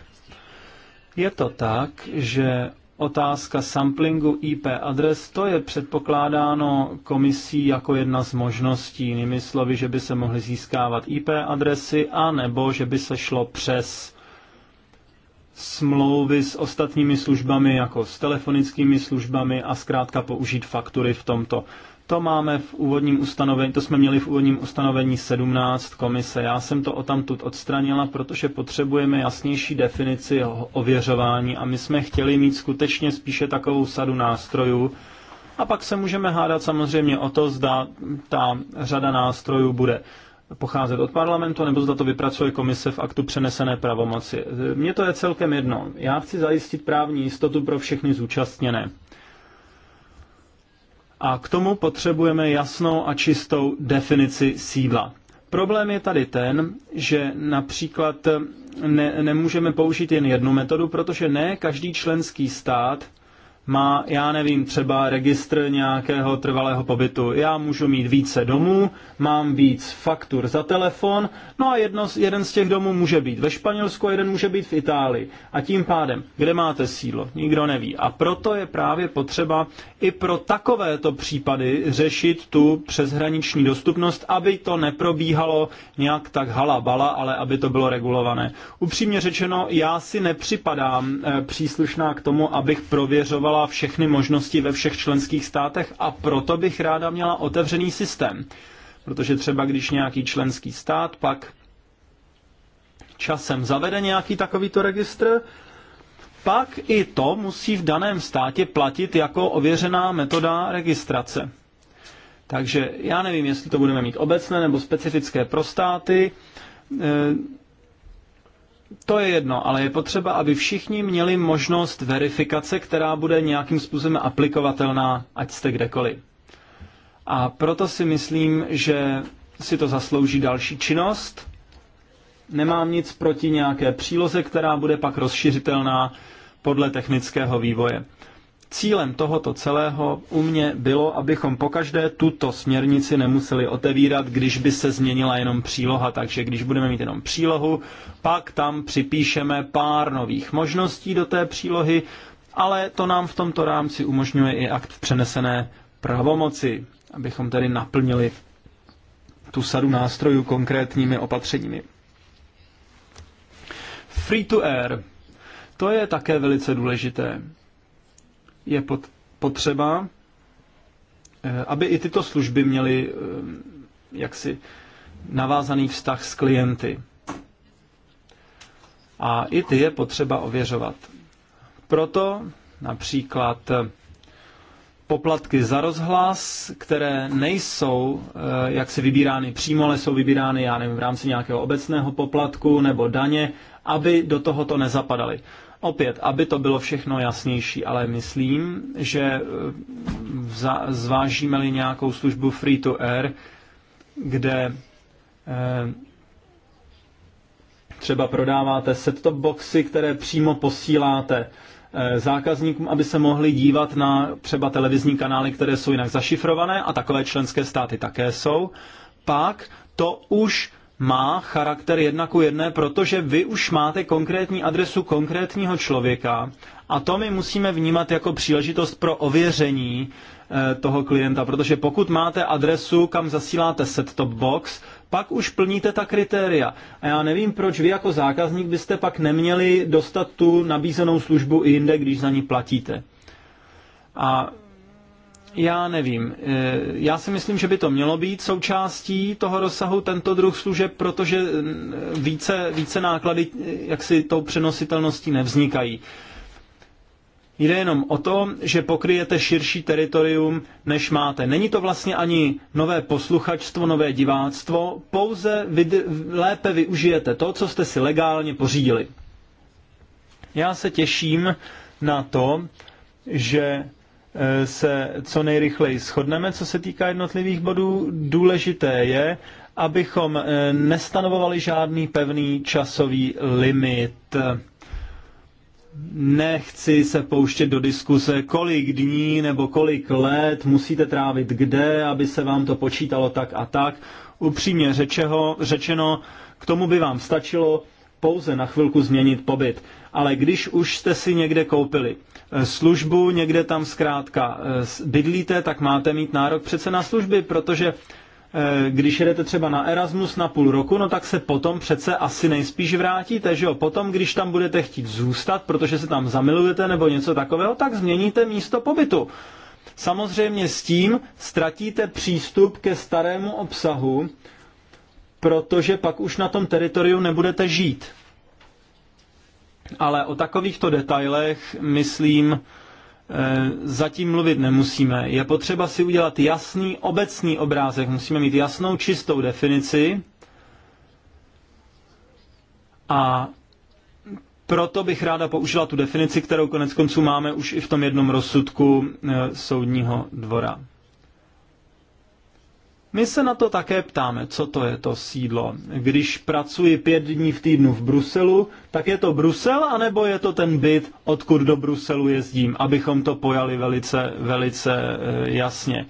je to tak, že Otázka samplingu IP adres, to je předpokládáno komisí jako jedna z možností, jinými slovy, že by se mohly získávat IP adresy, a nebo že by se šlo přes smlouvy s ostatními službami, jako s telefonickými službami a zkrátka použít faktury v tomto to máme v úvodním ustanovení, to jsme měli v úvodním ustanovení 17 komise. Já jsem to odtamtud odstranila, protože potřebujeme jasnější definici ověřování a my jsme chtěli mít skutečně spíše takovou sadu nástrojů. A pak se můžeme hádat samozřejmě o to, zda ta řada nástrojů bude pocházet od parlamentu, nebo zda to vypracuje komise v aktu přenesené pravomoci. Mně to je celkem jedno. Já chci zajistit právní jistotu pro všechny zúčastněné. A k tomu potřebujeme jasnou a čistou definici sídla. Problém je tady ten, že například ne, nemůžeme použít jen jednu metodu, protože ne každý členský stát má, já nevím, třeba registr nějakého trvalého pobytu. Já můžu mít více domů, mám víc faktur za telefon, no a jedno, jeden z těch domů může být ve Španělsku, jeden může být v Itálii. A tím pádem, kde máte sílo, nikdo neví. A proto je právě potřeba i pro takovéto případy řešit tu přeshraniční dostupnost, aby to neprobíhalo nějak tak halabala, ale aby to bylo regulované. Upřímně řečeno, já si nepřipadám eh, příslušná k tomu, abych prověřoval kontrola všechny možnosti ve všech členských státech a proto bych ráda měla otevřený systém. Protože třeba když nějaký členský stát pak časem zavede nějaký takovýto registr, pak i to musí v daném státě platit jako ověřená metoda registrace. Takže já nevím, jestli to budeme mít obecné nebo specifické pro státy. E to je jedno, ale je potřeba, aby všichni měli možnost verifikace, která bude nějakým způsobem aplikovatelná, ať jste kdekoliv. A proto si myslím, že si to zaslouží další činnost. Nemám nic proti nějaké příloze, která bude pak rozšiřitelná podle technického vývoje. Cílem tohoto celého u mě bylo, abychom pokaždé tuto směrnici nemuseli otevírat, když by se změnila jenom příloha. Takže když budeme mít jenom přílohu, pak tam připíšeme pár nových možností do té přílohy, ale to nám v tomto rámci umožňuje i akt přenesené pravomoci, abychom tedy naplnili tu sadu nástrojů konkrétními opatřeními. Free to air. To je také velice důležité je potřeba, eh, aby i tyto služby měly eh, jaksi navázaný vztah s klienty. A i ty je potřeba ověřovat. Proto například eh, poplatky za rozhlas, které nejsou jak se vybírány přímo, ale jsou vybírány, já nevím, v rámci nějakého obecného poplatku nebo daně, aby do tohoto nezapadaly. Opět, aby to bylo všechno jasnější, ale myslím, že eh, zvážíme-li nějakou službu free to air, kde eh, třeba prodáváte set-top boxy, které přímo posíláte eh, zákazníkům, aby se mohli dívat na třeba televizní kanály, které jsou jinak zašifrované, a takové členské státy také jsou, pak to už má charakter jedna ku jedné, protože vy už máte konkrétní adresu konkrétního člověka a to my musíme vnímat jako příležitost pro ověření eh, toho klienta, protože pokud máte adresu, kam zasíláte set-top box, pak už plníte ta kritéria. A já nevím, proč vy jako zákazník byste pak neměli dostat tu nabízenou službu i jinde, když za ní platíte. A já nevím. Eh, já si myslím, že by to mělo být součástí toho rozsahu tento druh služeb, protože eh, více, více náklady eh, jaksi tou přenositelností nevznikají. Jde jenom o to, že pokryjete širší teritorium, než máte. Není to vlastně ani nové posluchačstvo, nové diváctvo, pouze vy, lépe využijete to, co jste si legálně pořídili. Já se těším na to, že Eh, se co nejrychleji shodneme, co se týká jednotlivých bodů. Důležité je, abychom eh, nestanovovali žádný pevný časový limit. Nechci se pouštět do diskuse, kolik dní nebo kolik let musíte trávit kde, aby se vám to počítalo tak a tak. Upřímně řečeho, řečeno, k tomu by vám stačilo pouze na chvilku změnit pobyt. Ale když už jste si někde koupili eh, službu, někde tam zkrátka eh, bydlíte, tak máte mít nárok přece na služby, protože eh, když jedete třeba na Erasmus na půl roku, no tak se potom přece asi nejspíš vrátíte, že jo? Potom, když tam budete chtít zůstat, protože se tam zamilujete nebo něco takového, tak změníte místo pobytu. Samozřejmě s tím ztratíte přístup ke starému obsahu, protože pak už na tom teritoriu nebudete žít. Ale o takovýchto detailech, myslím, eh, zatím mluvit nemusíme. Je potřeba si udělat jasný obecný obrázek. Musíme mít jasnou, čistou definici. A proto bych ráda použila tu definici, kterou konec konců máme už i v tom jednom rozsudku eh, soudního dvora. My se na to také ptáme, co to je to sídlo. Když pracuji pět dní v týdnu v Bruselu, tak je to Brusel, anebo je to ten byt, odkud do Bruselu jezdím, abychom to pojali velice, velice eh, jasně.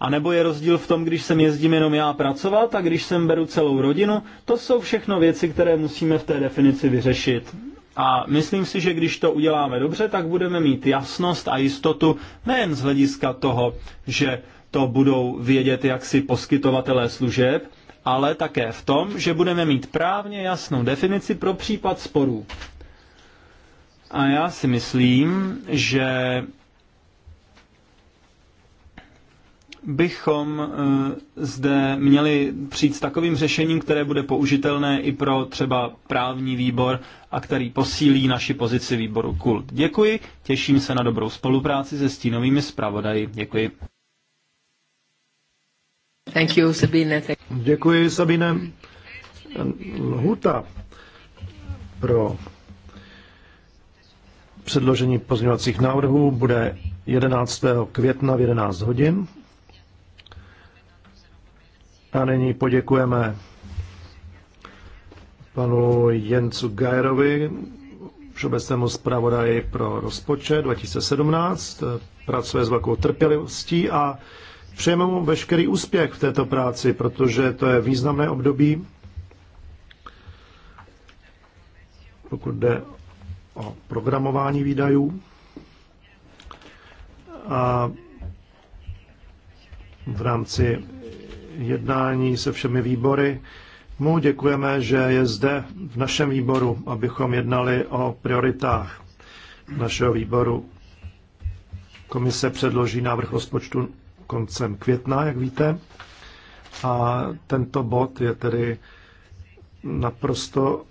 A nebo je rozdíl v tom, když sem jezdím jenom já pracovat a když sem beru celou rodinu, to jsou všechno věci, které musíme v té definici vyřešit. A myslím si, že když to uděláme dobře, tak budeme mít jasnost a jistotu nejen z hlediska toho, že to budou vědět jak si poskytovatelé služeb, ale také v tom, že budeme mít právně jasnou definici pro případ sporů. A já si myslím, že bychom e, zde měli přijít s takovým řešením, které bude použitelné i pro třeba právní výbor a který posílí naši pozici výboru KULT. Děkuji, těším se na dobrou spolupráci se stínovými zpravodaji. Děkuji. Thank you, Sabine. Děkuji, Sabine. Lhuta pro předložení pozměňovacích návrhů bude 11. května v 11 hodin. A nyní poděkujeme panu Jencu Gajerovi, všeobecnému zpravodaji pro rozpočet 2017. Pracuje s velkou trpělivostí a Přejeme mu veškerý úspěch v této práci, protože to je významné období, pokud jde o programování výdajů. A v rámci jednání se všemi výbory mu děkujeme, že je zde v našem výboru, abychom jednali o prioritách našeho výboru. Komise předloží návrh rozpočtu koncem května, jak víte. A tento bod je tedy naprosto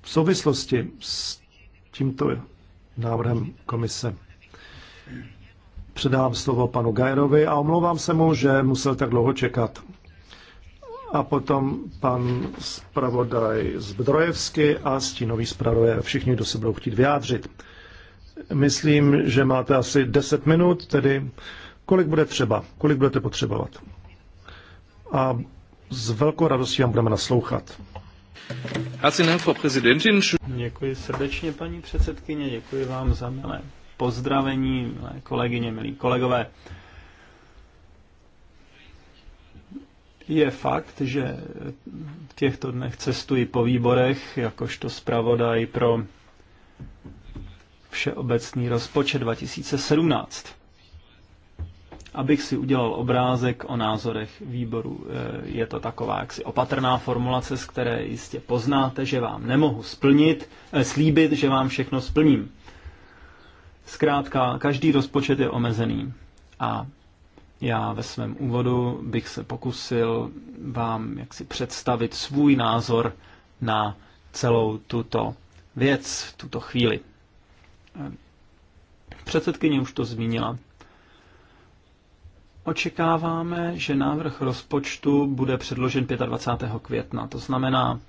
v souvislosti s tímto návrhem komise. Předávám slovo panu Gajerovi a omlouvám se mu, že musel tak dlouho čekat. A potom pan zpravodaj Zbdrojevsky a stínový zpravodaj, všichni, kdo se budou chtít vyjádřit. Myslím, že máte asi 10 minut, tedy kolik bude třeba, kolik budete potřebovat. A s velkou radostí vám budeme naslouchat. Děkuji srdečně, paní předsedkyně, děkuji vám za milé pozdravení, milé kolegyně, milí kolegové. Je fakt, že v těchto dnech cestuji po výborech, jakožto zpravodaj pro všeobecný rozpočet 2017. Abych si udělal obrázek o názorech výboru, eh, je to taková jaksi opatrná formulace, z které jistě poznáte, že vám nemohu splnit, eh, slíbit, že vám všechno splním. Zkrátka, každý rozpočet je omezený a já ve svém úvodu bych se pokusil vám jaksi představit svůj názor na celou tuto věc tuto chvíli. Předsedkyně už to zmínila. Očekáváme, že návrh rozpočtu bude předložen 25. května. To znamená, e,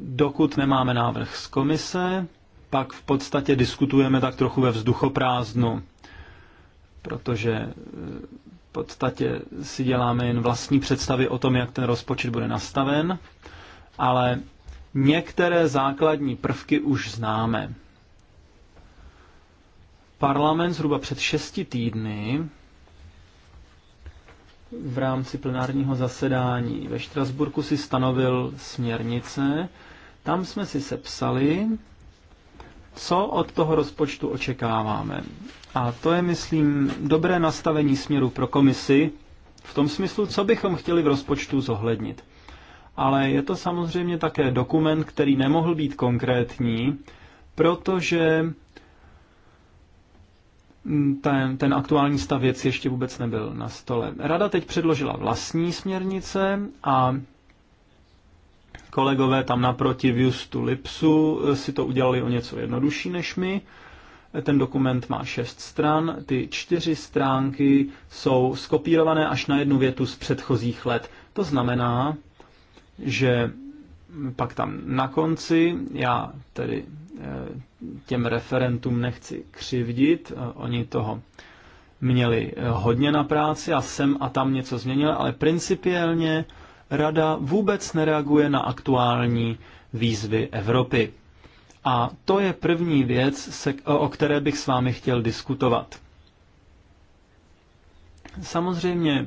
dokud nemáme návrh z komise, pak v podstatě diskutujeme tak trochu ve vzduchoprázdnu, protože e, v podstatě si děláme jen vlastní představy o tom, jak ten rozpočet bude nastaven, ale některé základní prvky už známe. Parlament zhruba před šesti týdny v rámci plenárního zasedání ve Štrasburku si stanovil směrnice. Tam jsme si sepsali, co od toho rozpočtu očekáváme. A to je, myslím, dobré nastavení směru pro komisi v tom smyslu, co bychom chtěli v rozpočtu zohlednit. Ale je to samozřejmě také dokument, který nemohl být konkrétní, protože ten, ten aktuální stav věc ještě vůbec nebyl na stole. Rada teď předložila vlastní směrnice a kolegové tam naproti v Justu Lipsu eh, si to udělali o něco jednodušší než my. Ten dokument má šest stran, ty čtyři stránky jsou skopírované až na jednu větu z předchozích let. To znamená, že pak tam na konci, já tedy eh, těm referentům nechci křivdit, eh, oni toho měli eh, hodně na práci a sem a tam něco změnil, ale principiálně rada vůbec nereaguje na aktuální výzvy Evropy. A to je první věc, eh, o které bych s vámi chtěl diskutovat. Samozřejmě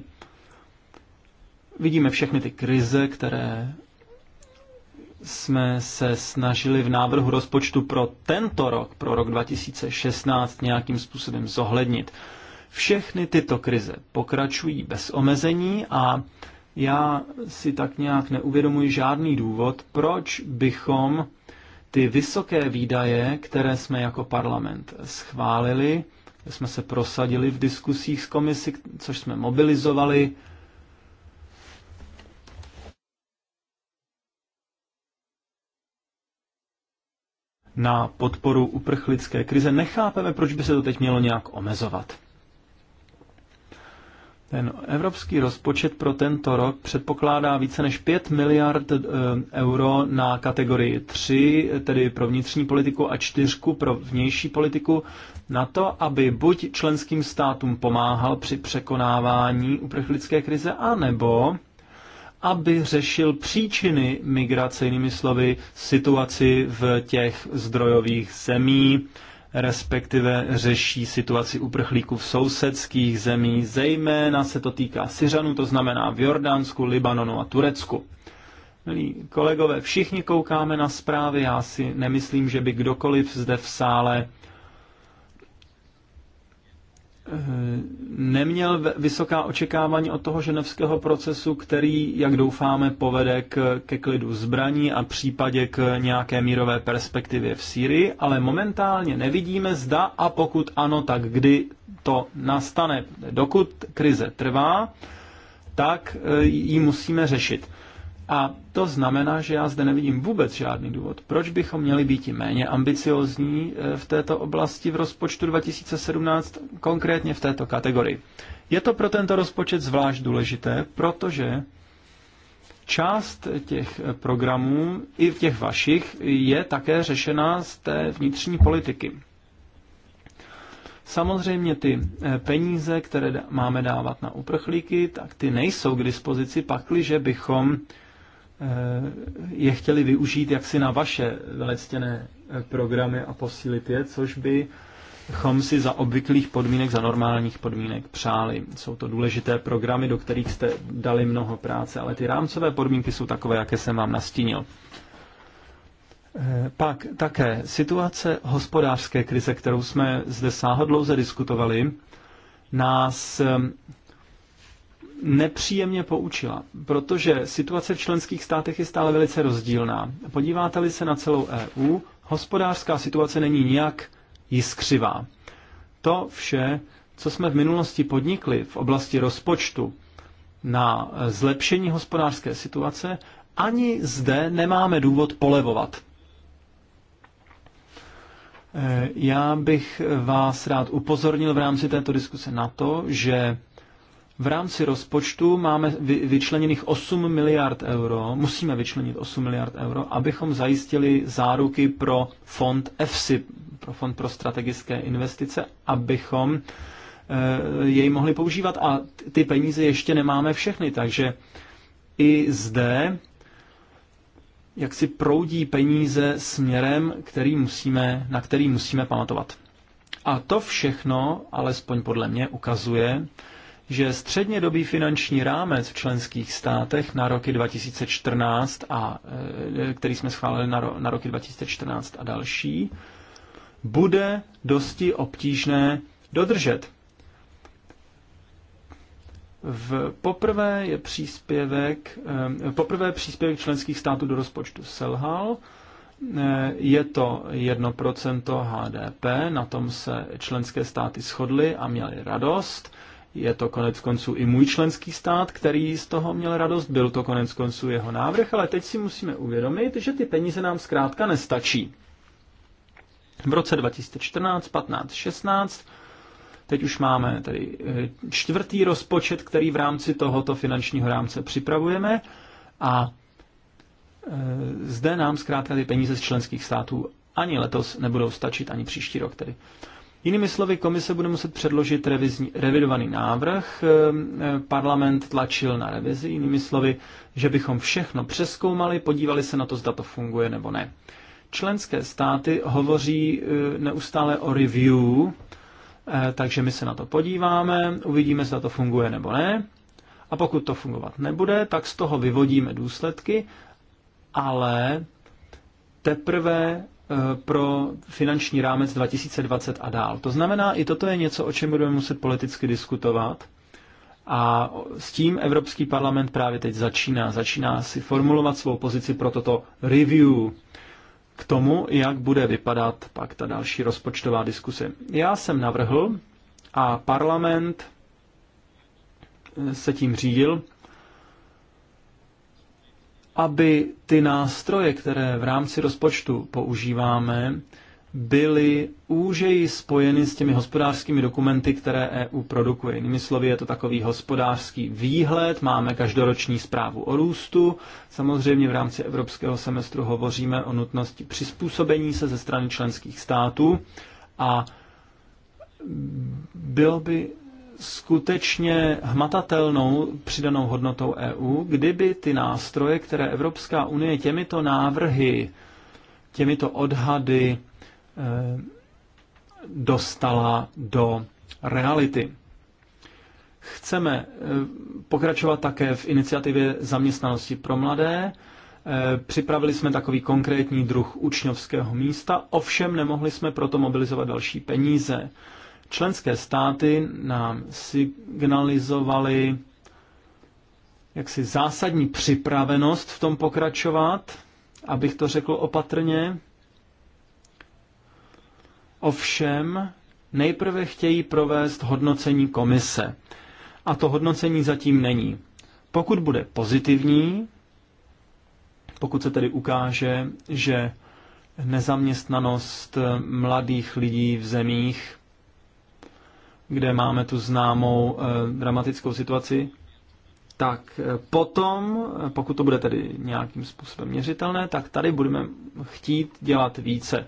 vidíme všechny ty krize, které jsme se snažili v návrhu rozpočtu pro tento rok, pro rok 2016, nějakým způsobem zohlednit. Všechny tyto krize pokračují bez omezení a já si tak nějak neuvědomuji žádný důvod, proč bychom ty vysoké výdaje, které jsme jako parlament schválili, jsme se prosadili v diskusích s komisí, což jsme mobilizovali, na podporu uprchlické krize. Nechápeme, proč by se to teď mělo nějak omezovat. Ten evropský rozpočet pro tento rok předpokládá více než 5 miliard eh, euro na kategorii 3, tedy pro vnitřní politiku a 4 pro vnější politiku, na to, aby buď členským státům pomáhal při překonávání uprchlické krize, anebo aby řešil příčiny migrace, jinými slovy, situaci v těch zdrojových zemí, respektive řeší situaci uprchlíků v sousedských zemí, zejména se to týká Syřanů, to znamená v Jordánsku, Libanonu a Turecku. Milí kolegové, všichni koukáme na zprávy, já si nemyslím, že by kdokoliv zde v sále neměl vysoká očekávání od toho ženevského procesu, který, jak doufáme, povede k, ke klidu zbraní a případě k nějaké mírové perspektivě v Sýrii, ale momentálně nevidíme zda a pokud ano, tak kdy to nastane. Dokud krize trvá, tak e, ji musíme řešit. A to znamená, že já zde nevidím vůbec žádný důvod, proč bychom měli být méně ambiciozní eh, v této oblasti v rozpočtu 2017, konkrétně v této kategorii. Je to pro tento rozpočet zvlášť důležité, protože část těch eh, programů, i v těch vašich, je také řešena z té vnitřní politiky. Samozřejmě ty eh, peníze, které máme dávat na uprchlíky, tak ty nejsou k dispozici pakli, že bychom Eh, je chtěli využít jaksi na vaše velectěné eh, programy a posílit je, což by chom si za obvyklých podmínek, za normálních podmínek přáli. Jsou to důležité programy, do kterých jste dali mnoho práce, ale ty rámcové podmínky jsou takové, jaké jsem vám nastínil. Eh, pak také situace hospodářské krize, kterou jsme zde sáhodlouze diskutovali, nás nepříjemně poučila, protože situace v členských státech je stále velice rozdílná. Podíváte-li se na celou EU, hospodářská situace není nijak jiskřivá. To vše, co jsme v minulosti podnikli v oblasti rozpočtu na zlepšení hospodářské situace, ani zde nemáme důvod polevovat. E, já bych vás rád upozornil v rámci této diskuse na to, že v rámci rozpočtu máme vyčleněných 8 miliard euro, musíme vyčlenit 8 miliard euro, abychom zajistili záruky pro fond EFSI, pro fond pro strategické investice, abychom eh, jej mohli používat a ty peníze ještě nemáme všechny, takže i zde jak si proudí peníze směrem, který musíme, na který musíme pamatovat. A to všechno, alespoň podle mě, ukazuje, že střednědobý finanční rámec v členských státech na roky 2014 a e, e, který jsme schválili na, ro, na roky 2014 a další, bude dosti obtížné dodržet. V poprvé je příspěvek, e, poprvé příspěvek členských států do rozpočtu selhal, je to 1% HDP, na tom se členské státy shodly a měly radost. Je to konec konců i můj členský stát, který z toho měl radost, byl to konec konců jeho návrh, ale teď si musíme uvědomit, že ty peníze nám zkrátka nestačí. V roce 2014, 15, 16 Teď už máme tedy eh, čtvrtý rozpočet, který v rámci tohoto finančního rámce připravujeme a eh, zde nám zkrátka ty peníze z členských států ani letos nebudou stačit, ani příští rok tedy. Jinými slovy, komise bude muset předložit revizní, revidovaný návrh, ehm, eh, parlament tlačil na revizi, jinými slovy, že bychom všechno přeskoumali, podívali se na to, zda to funguje nebo ne. Členské státy hovoří eh, neustále o review, eh, takže my se na to podíváme, uvidíme, zda to funguje nebo ne. A pokud to fungovat nebude, tak z toho vyvodíme důsledky, ale teprve Eh, pro finanční rámec 2020 a dál. To znamená, i toto je něco, o čem budeme muset politicky diskutovat. A s tím Evropský parlament právě teď začíná. Začíná si formulovat svou pozici pro toto review k tomu, jak bude vypadat pak ta další rozpočtová diskuse. Já jsem navrhl a parlament eh, se tím řídil, aby ty nástroje, které v rámci rozpočtu používáme, byly úžeji spojeny s těmi hospodářskými dokumenty, které EU produkuje. Jinými slovy, je to takový hospodářský výhled, máme každoroční zprávu o růstu. Samozřejmě v rámci evropského semestru hovoříme o nutnosti přizpůsobení se ze strany členských států a bylo by skutečně hmatatelnou přidanou hodnotou EU, kdyby ty nástroje, které Evropská unie těmito návrhy, těmito odhady eh, dostala do reality. Chceme eh, pokračovat také v iniciativě zaměstnanosti pro mladé. Eh, připravili jsme takový konkrétní druh učňovského místa, ovšem nemohli jsme proto mobilizovat další peníze. Členské státy nám signalizovaly jaksi zásadní připravenost v tom pokračovat, abych to řekl opatrně. Ovšem, nejprve chtějí provést hodnocení komise. A to hodnocení zatím není. Pokud bude pozitivní, pokud se tedy ukáže, že nezaměstnanost mladých lidí v zemích, kde máme tu známou eh, dramatickou situaci, tak eh, potom, eh, pokud to bude tedy nějakým způsobem měřitelné, tak tady budeme chtít dělat více.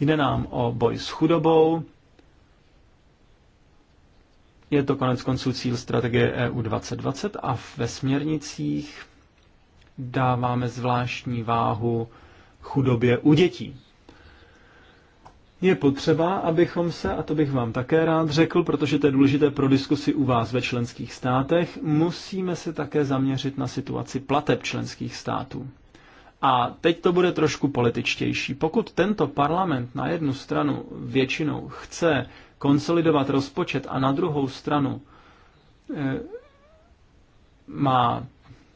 Jde nám o boj s chudobou, je to konec konců cíl strategie EU 2020 a ve směrnicích dáváme zvláštní váhu chudobě u dětí je potřeba, abychom se, a to bych vám také rád řekl, protože to je důležité pro diskusi u vás ve členských státech, musíme se také zaměřit na situaci plateb členských států. A teď to bude trošku političtější. Pokud tento parlament na jednu stranu většinou chce konsolidovat rozpočet a na druhou stranu e, má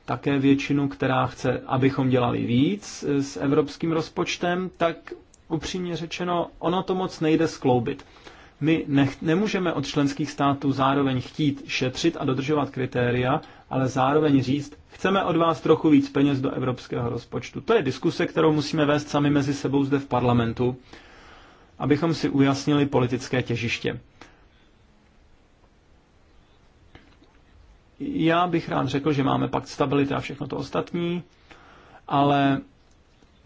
také většinu, která chce, abychom dělali víc eh, s evropským rozpočtem, tak upřímně řečeno, ono to moc nejde skloubit. My nech, nemůžeme od členských států zároveň chtít šetřit a dodržovat kritéria, ale zároveň říct, chceme od vás trochu víc peněz do evropského rozpočtu. To je diskuse, kterou musíme vést sami mezi sebou zde v parlamentu, abychom si ujasnili politické těžiště. Já bych rád řekl, že máme pakt stability a všechno to ostatní, ale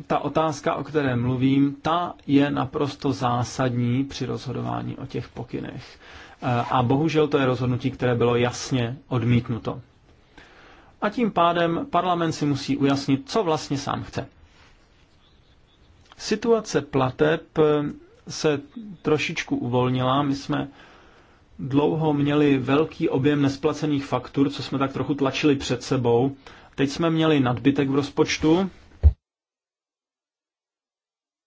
ta otázka, o které mluvím, ta je naprosto zásadní při rozhodování o těch pokynech. E, a bohužel to je rozhodnutí, které bylo jasně odmítnuto. A tím pádem parlament si musí ujasnit, co vlastně sám chce. Situace plateb se trošičku uvolnila. My jsme dlouho měli velký objem nesplacených faktur, co jsme tak trochu tlačili před sebou. Teď jsme měli nadbytek v rozpočtu,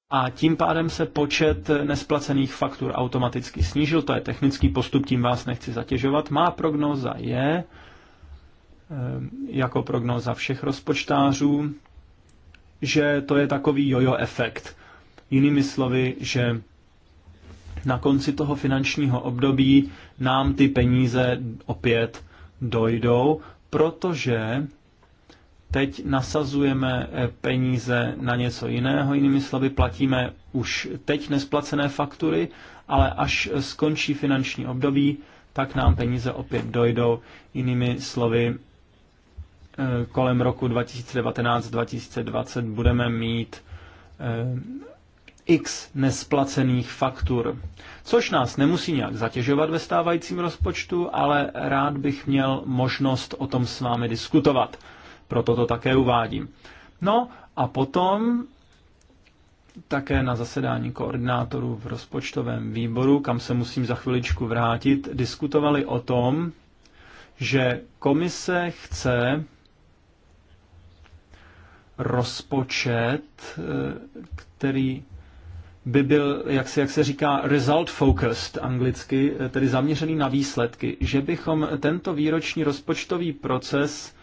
a tím pádem se počet nesplacených faktur automaticky snížil, to je technický postup, tím vás nechci zatěžovat. Má prognóza je, ehm, jako prognóza všech rozpočtářů, že to je takový jojo efekt. Jinými slovy, že na konci toho finančního období nám ty peníze opět dojdou, protože teď nasazujeme eh, peníze na něco jiného, jinými slovy platíme už teď nesplacené faktury, ale až skončí finanční období, tak nám peníze opět dojdou, jinými slovy eh, kolem roku 2019-2020 budeme mít eh, x nesplacených faktur, což nás nemusí nějak zatěžovat ve stávajícím rozpočtu, ale rád bych měl možnost o tom s vámi diskutovat proto to také uvádím. No a potom také na zasedání koordinátorů v rozpočtovém výboru, kam se musím za chviličku vrátit, diskutovali o tom, že komise chce rozpočet, eh, který by byl, jak se, jak se říká, result focused anglicky, eh, tedy zaměřený na výsledky, že bychom tento výroční rozpočtový proces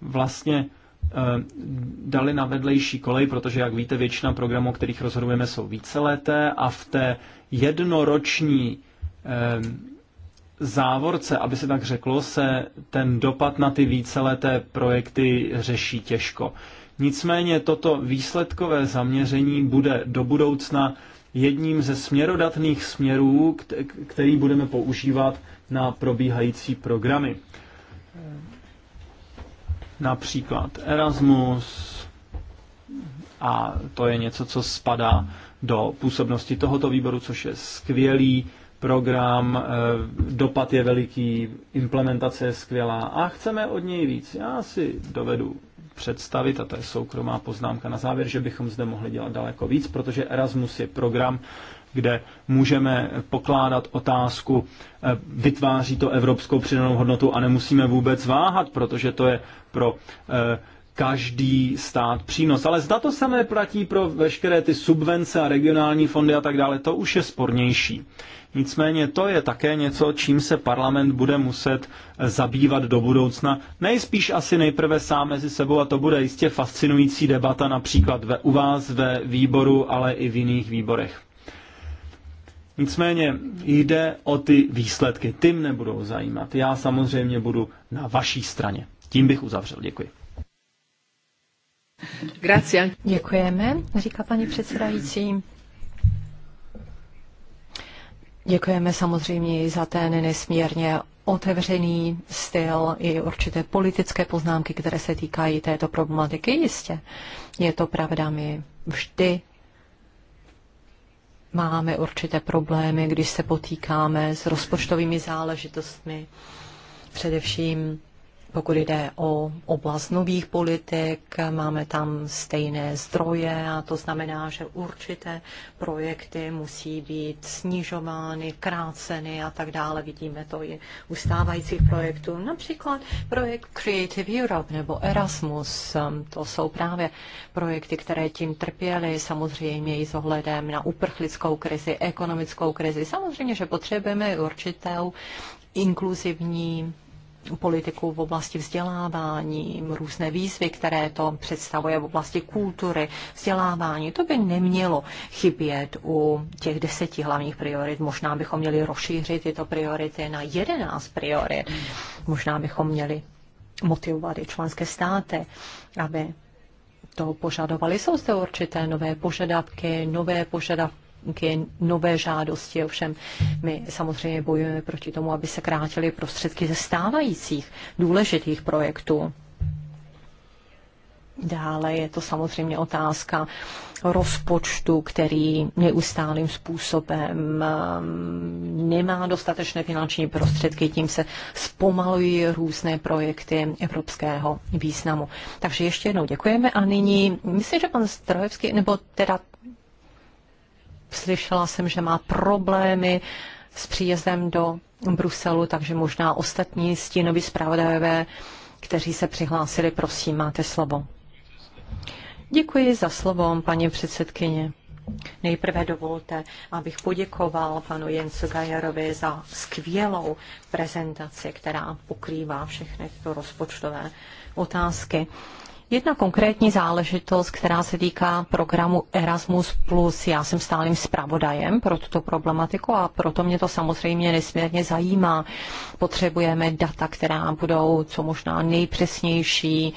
vlastně eh, dali na vedlejší kolej, protože, jak víte, většina programů, o kterých rozhodujeme, jsou víceleté a v té jednoroční eh, závorce, aby se tak řeklo, se ten dopad na ty víceleté projekty řeší těžko. Nicméně toto výsledkové zaměření bude do budoucna jedním ze směrodatných směrů, který budeme používat na probíhající programy například Erasmus, a to je něco, co spadá do působnosti tohoto výboru, což je skvělý program, eh, dopad je veliký, implementace je skvělá a chceme od něj víc. Já si dovedu představit, a to je soukromá poznámka na závěr, že bychom zde mohli dělat daleko víc, protože Erasmus je program, kde můžeme pokládat otázku, eh, vytváří to evropskou přidanou hodnotu a nemusíme vůbec váhat, protože to je pro eh, každý stát přínos. Ale zda to samé platí pro veškeré ty subvence a regionální fondy a tak dále, to už je spornější. Nicméně to je také něco, čím se parlament bude muset eh, zabývat do budoucna. Nejspíš asi nejprve sám mezi sebou a to bude jistě fascinující debata například ve, u vás ve výboru, ale i v jiných výborech. Nicméně jde o ty výsledky, ty mne budou zajímat. Já samozřejmě budu na vaší straně. Tím bych uzavřel. Děkuji. Grazie. Děkujeme, říká paní předsedající. Děkujeme samozřejmě i za ten nesmírně otevřený styl i určité politické poznámky, které se týkají této problematiky. Jistě, je to pravda, my vždy máme určité problémy, když se potýkáme s rozpočtovými záležitostmi, především pokud jde o oblast nových politik, máme tam stejné zdroje a to znamená, že určité projekty musí být snižovány, kráceny a tak dále. Vidíme to i u stávajících projektů. Například projekt Creative Europe nebo Erasmus. Um, to jsou právě projekty, které tím trpěly, samozřejmě i s ohledem na uprchlickou krizi, ekonomickou krizi. Samozřejmě, že potřebujeme určitou inkluzivní politiku v oblasti vzdělávání, různé výzvy, které to představuje v oblasti kultury, vzdělávání. To by nemělo chybět u těch deseti hlavních priorit. Možná bychom měli rozšířit tyto priority na jedenáct priorit. Možná bychom měli motivovat i členské státy, aby to požadovali. Jsou zde určité nové požadavky, nové požadavky nové žádosti, ovšem my samozřejmě bojujeme proti tomu, aby se krátily prostředky ze stávajících důležitých projektů. Dále je to samozřejmě otázka rozpočtu, který neustálým způsobem um, nemá dostatečné finanční prostředky, tím se zpomalují různé projekty evropského významu. Takže ještě jednou děkujeme a nyní, myslím, že pan Strojevský, nebo teda slyšela jsem, že má problémy s příjezdem do Bruselu, takže možná ostatní stínoví zpravodajové, kteří se přihlásili, prosím, máte slovo. Děkuji za slovo, paní předsedkyně. Nejprve dovolte, abych poděkoval panu Jensu Gajerovi za skvělou prezentaci, která pokrývá všechny tyto rozpočtové otázky. Jedna konkrétní záležitost, která se týká programu Erasmus+, já jsem stálým zpravodajem pro tuto problematiku a proto mě to samozřejmě nesmírně zajímá. Potřebujeme data, která budou co možná nejpřesnější,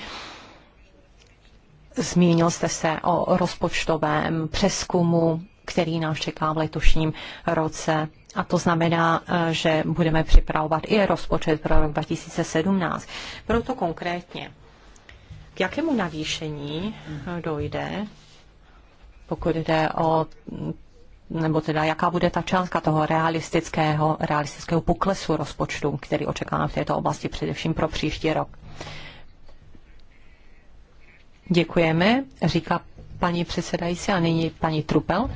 Zmínil jste se o rozpočtovém přeskumu, který nás čeká v letošním roce. A to znamená, že budeme připravovat i rozpočet pro rok 2017. Proto konkrétně jakému navýšení eh, dojde, pokud jde o nebo teda jaká bude ta částka toho realistického, realistického poklesu rozpočtu, který očekáváme v této oblasti především pro příští rok. Děkujeme, říká paní předsedající a nyní paní Trupel.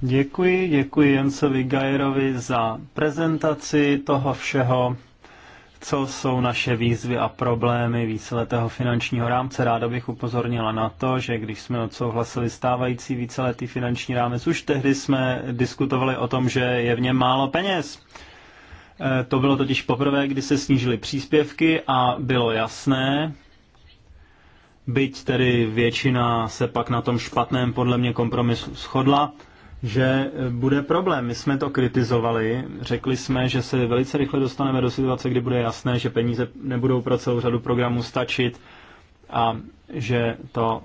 Děkuji, děkuji Jensovi Gajerovi za prezentaci toho všeho co jsou naše výzvy a problémy víceletého finančního rámce. Ráda bych upozornila na to, že když jsme odsouhlasili stávající víceletý finanční rámec, už tehdy jsme diskutovali o tom, že je v něm málo peněz. E, to bylo totiž poprvé, kdy se snížily příspěvky a bylo jasné, byť tedy většina se pak na tom špatném podle mě kompromisu shodla, že eh, bude problém. My jsme to kritizovali, řekli jsme, že se velice rychle dostaneme do situace, kdy bude jasné, že peníze nebudou pro celou řadu programů stačit a že to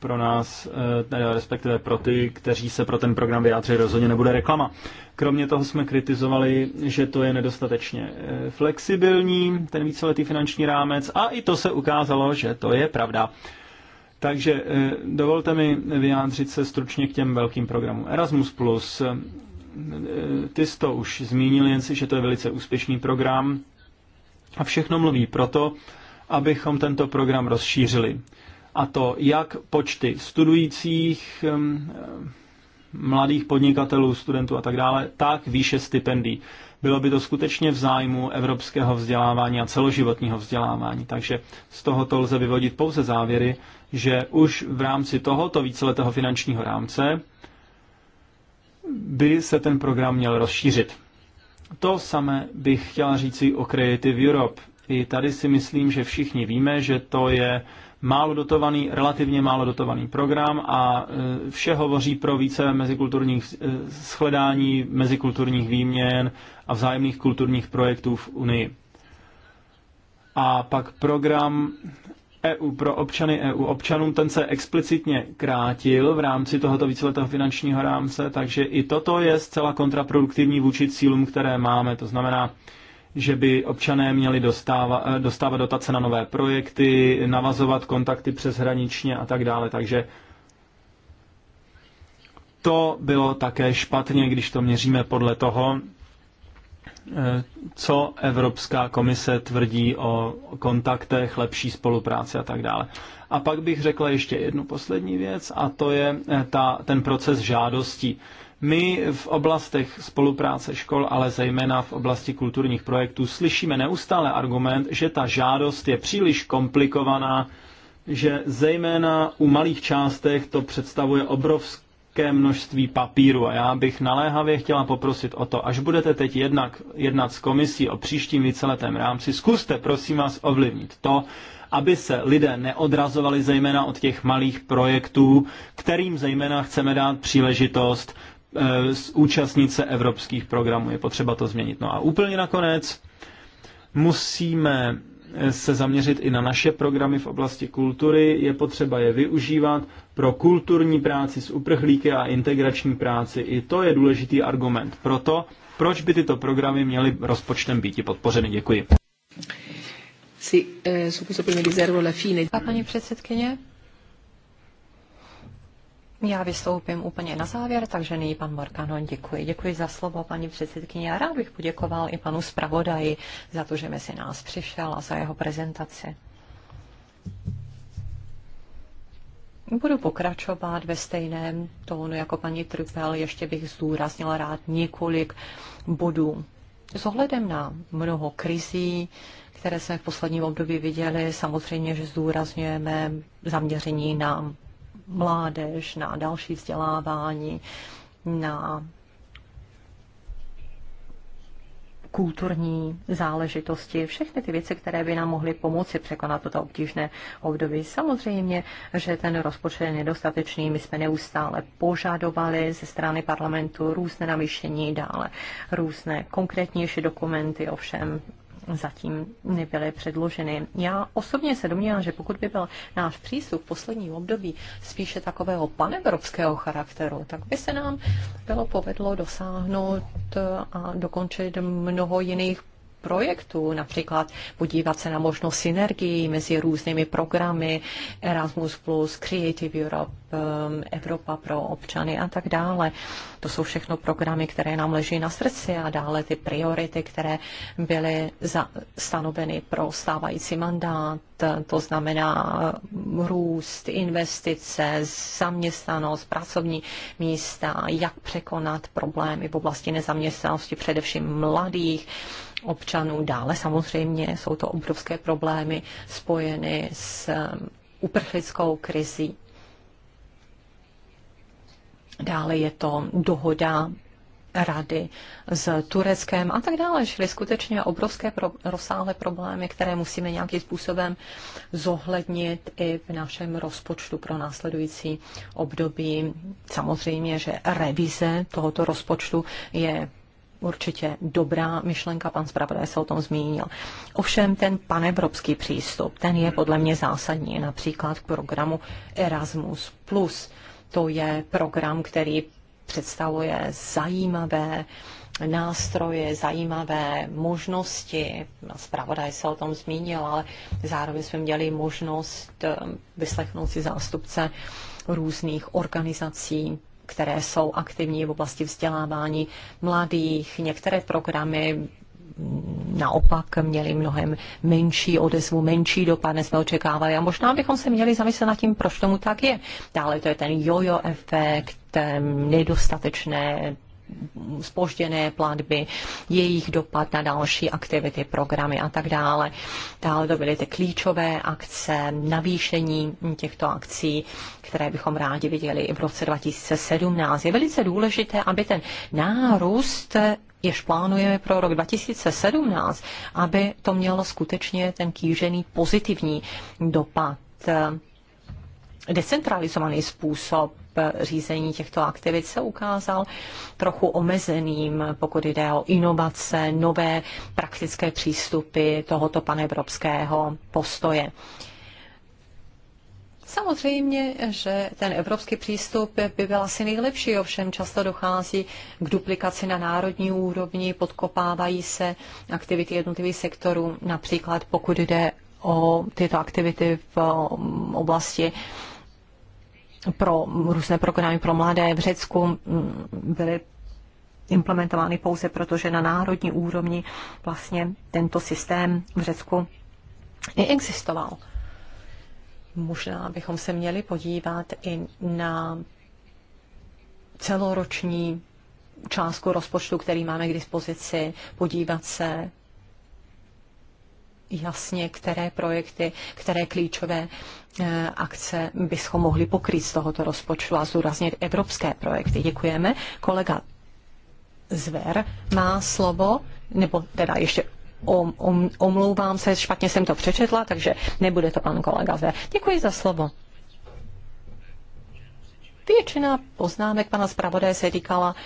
pro nás, eh, respektive pro ty, kteří se pro ten program vyjádří, rozhodně nebude reklama. Kromě toho jsme kritizovali, že to je nedostatečně eh, flexibilní, ten víceletý finanční rámec, a i to se ukázalo, že to je pravda. Takže eh, dovolte mi vyjádřit se stručně k těm velkým programům. Erasmus+, eh, ty jsi to už zmínil, jen si, že to je velice úspěšný program a všechno mluví proto, abychom tento program rozšířili. A to jak počty studujících, eh, mladých podnikatelů, studentů a tak dále, tak výše stipendí. Bylo by to skutečně v zájmu evropského vzdělávání a celoživotního vzdělávání. Takže z tohoto lze vyvodit pouze závěry, že už v rámci tohoto víceletého finančního rámce by se ten program měl rozšířit. To samé bych chtěla říci o Creative Europe. I tady si myslím, že všichni víme, že to je málo dotovaný, relativně málo dotovaný program a e, vše hovoří pro více mezikulturních e, shledání, mezikulturních výměn a vzájemných kulturních projektů v Unii. A pak program EU pro občany EU občanům, ten se explicitně krátil v rámci tohoto víceletého finančního rámce, takže i toto je zcela kontraproduktivní vůči cílům, které máme. To znamená, že by občané měli dostávat, e, dostávat dotace na nové projekty, navazovat kontakty přeshraničně a tak dále. Takže to bylo také špatně, když to měříme podle toho, Eh, co Evropská komise tvrdí o kontaktech, lepší spolupráci a tak dále. A pak bych řekla ještě jednu poslední věc a to je eh, ta, ten proces žádostí. My v oblastech spolupráce škol, ale zejména v oblasti kulturních projektů, slyšíme neustále argument, že ta žádost je příliš komplikovaná, že zejména u malých částech to představuje obrovský obrovské množství papíru a já bych naléhavě chtěla poprosit o to, až budete teď jednak jednat s komisí o příštím víceletém rámci, zkuste prosím vás ovlivnit to, aby se lidé neodrazovali zejména od těch malých projektů, kterým zejména chceme dát příležitost e, eh, z účastnice evropských programů. Je potřeba to změnit. No a úplně nakonec musíme se zaměřit i na naše programy v oblasti kultury. Je potřeba je využívat pro kulturní práci s uprchlíky a integrační práci. I to je důležitý argument. pro to proč by tyto programy měly rozpočtem být podpořeny? Děkuji. Eh, a paní předsedkyně? Já vystoupím úplně na závěr, takže nyní pan Markanon, děkuji. Děkuji za slovo, paní předsedkyně. Já rád bych poděkoval i panu zpravodaji za to, že mezi nás přišel a za jeho prezentaci. Budu pokračovat ve stejném tónu jako paní Trupel. Ještě bych zdůraznila rád několik bodů. S ohledem na mnoho krizí, které jsme v posledním období viděli, samozřejmě, že zdůrazňujeme zaměření na mládež, na další vzdělávání, na kulturní záležitosti, všechny ty věci, které by nám mohly pomoci překonat toto obtížné období. Samozřejmě, že ten rozpočet je nedostatečný, my jsme neustále požadovali ze strany parlamentu různé navýšení, dále různé konkrétnější dokumenty, ovšem zatím nebyly předloženy. Já osobně se domnívám, že pokud by byl náš přístup v posledním období spíše takového panevropského charakteru, tak by se nám bylo povedlo dosáhnout a dokončit mnoho jiných projektů, například podívat se na možnost synergii mezi různými programy Erasmus+, Creative Europe, um, Evropa pro občany a tak dále. To jsou všechno programy, které nám leží na srdci a dále ty priority, které byly za, stanoveny pro stávající mandát, to znamená růst, investice, zaměstnanost, pracovní místa, jak překonat problémy v oblasti nezaměstnanosti, především mladých, občanů. Dále samozřejmě jsou to obrovské problémy spojeny s um, uprchlickou krizí. Dále je to dohoda rady s Tureckem a tak dále. Čili skutečně obrovské pro, rozsáhlé problémy, které musíme nějakým způsobem zohlednit i v našem rozpočtu pro následující období. Samozřejmě, že revize tohoto rozpočtu je určitě dobrá myšlenka, pan zpravodaj se o tom zmínil. Ovšem ten panevropský přístup, ten je podle mě zásadní, například k programu Erasmus+. To je program, který představuje zajímavé nástroje, zajímavé možnosti. Zpravodaj se o tom zmínil, ale zároveň jsme měli možnost eh, vyslechnout si zástupce různých organizací, které jsou aktivní v oblasti vzdělávání mladých. Některé programy naopak měli mnohem menší odezvu, menší dopad, než jsme očekávali. A možná bychom se měli zamyslet nad tím, proč tomu tak je. Dále to je ten jojo efekt, nedostatečné spožděné platby, jejich dopad na další aktivity, programy a tak dále. Dále to byly ty klíčové akce, navýšení těchto akcí, které bychom rádi viděli i v roce 2017. Je velice důležité, aby ten nárůst jež plánujeme pro rok 2017, aby to mělo skutečně ten kýžený pozitivní dopad decentralizovaný způsob řízení těchto aktivit se ukázal trochu omezeným, pokud jde o inovace, nové praktické přístupy tohoto panevropského postoje. Samozřejmě, že ten evropský přístup by byl asi nejlepší, ovšem často dochází k duplikaci na národní úrovni, podkopávají se aktivity jednotlivých sektorů, například pokud jde o tyto aktivity v oblasti pro různé programy pro mladé v Řecku byly implementovány pouze proto, že na národní úrovni vlastně tento systém v Řecku i existoval. Možná bychom se měli podívat i na celoroční částku rozpočtu, který máme k dispozici, podívat se jasně, které projekty, které klíčové eh, akce bychom mohli pokrýt z tohoto rozpočtu a zúraznit evropské projekty. Děkujeme. Kolega Zver má slovo, nebo teda ještě om, om, omlouvám se, špatně jsem to přečetla, takže nebude to pan kolega Zver. Děkuji za slovo. Většina poznámek pana zpravodaje se týkala uh,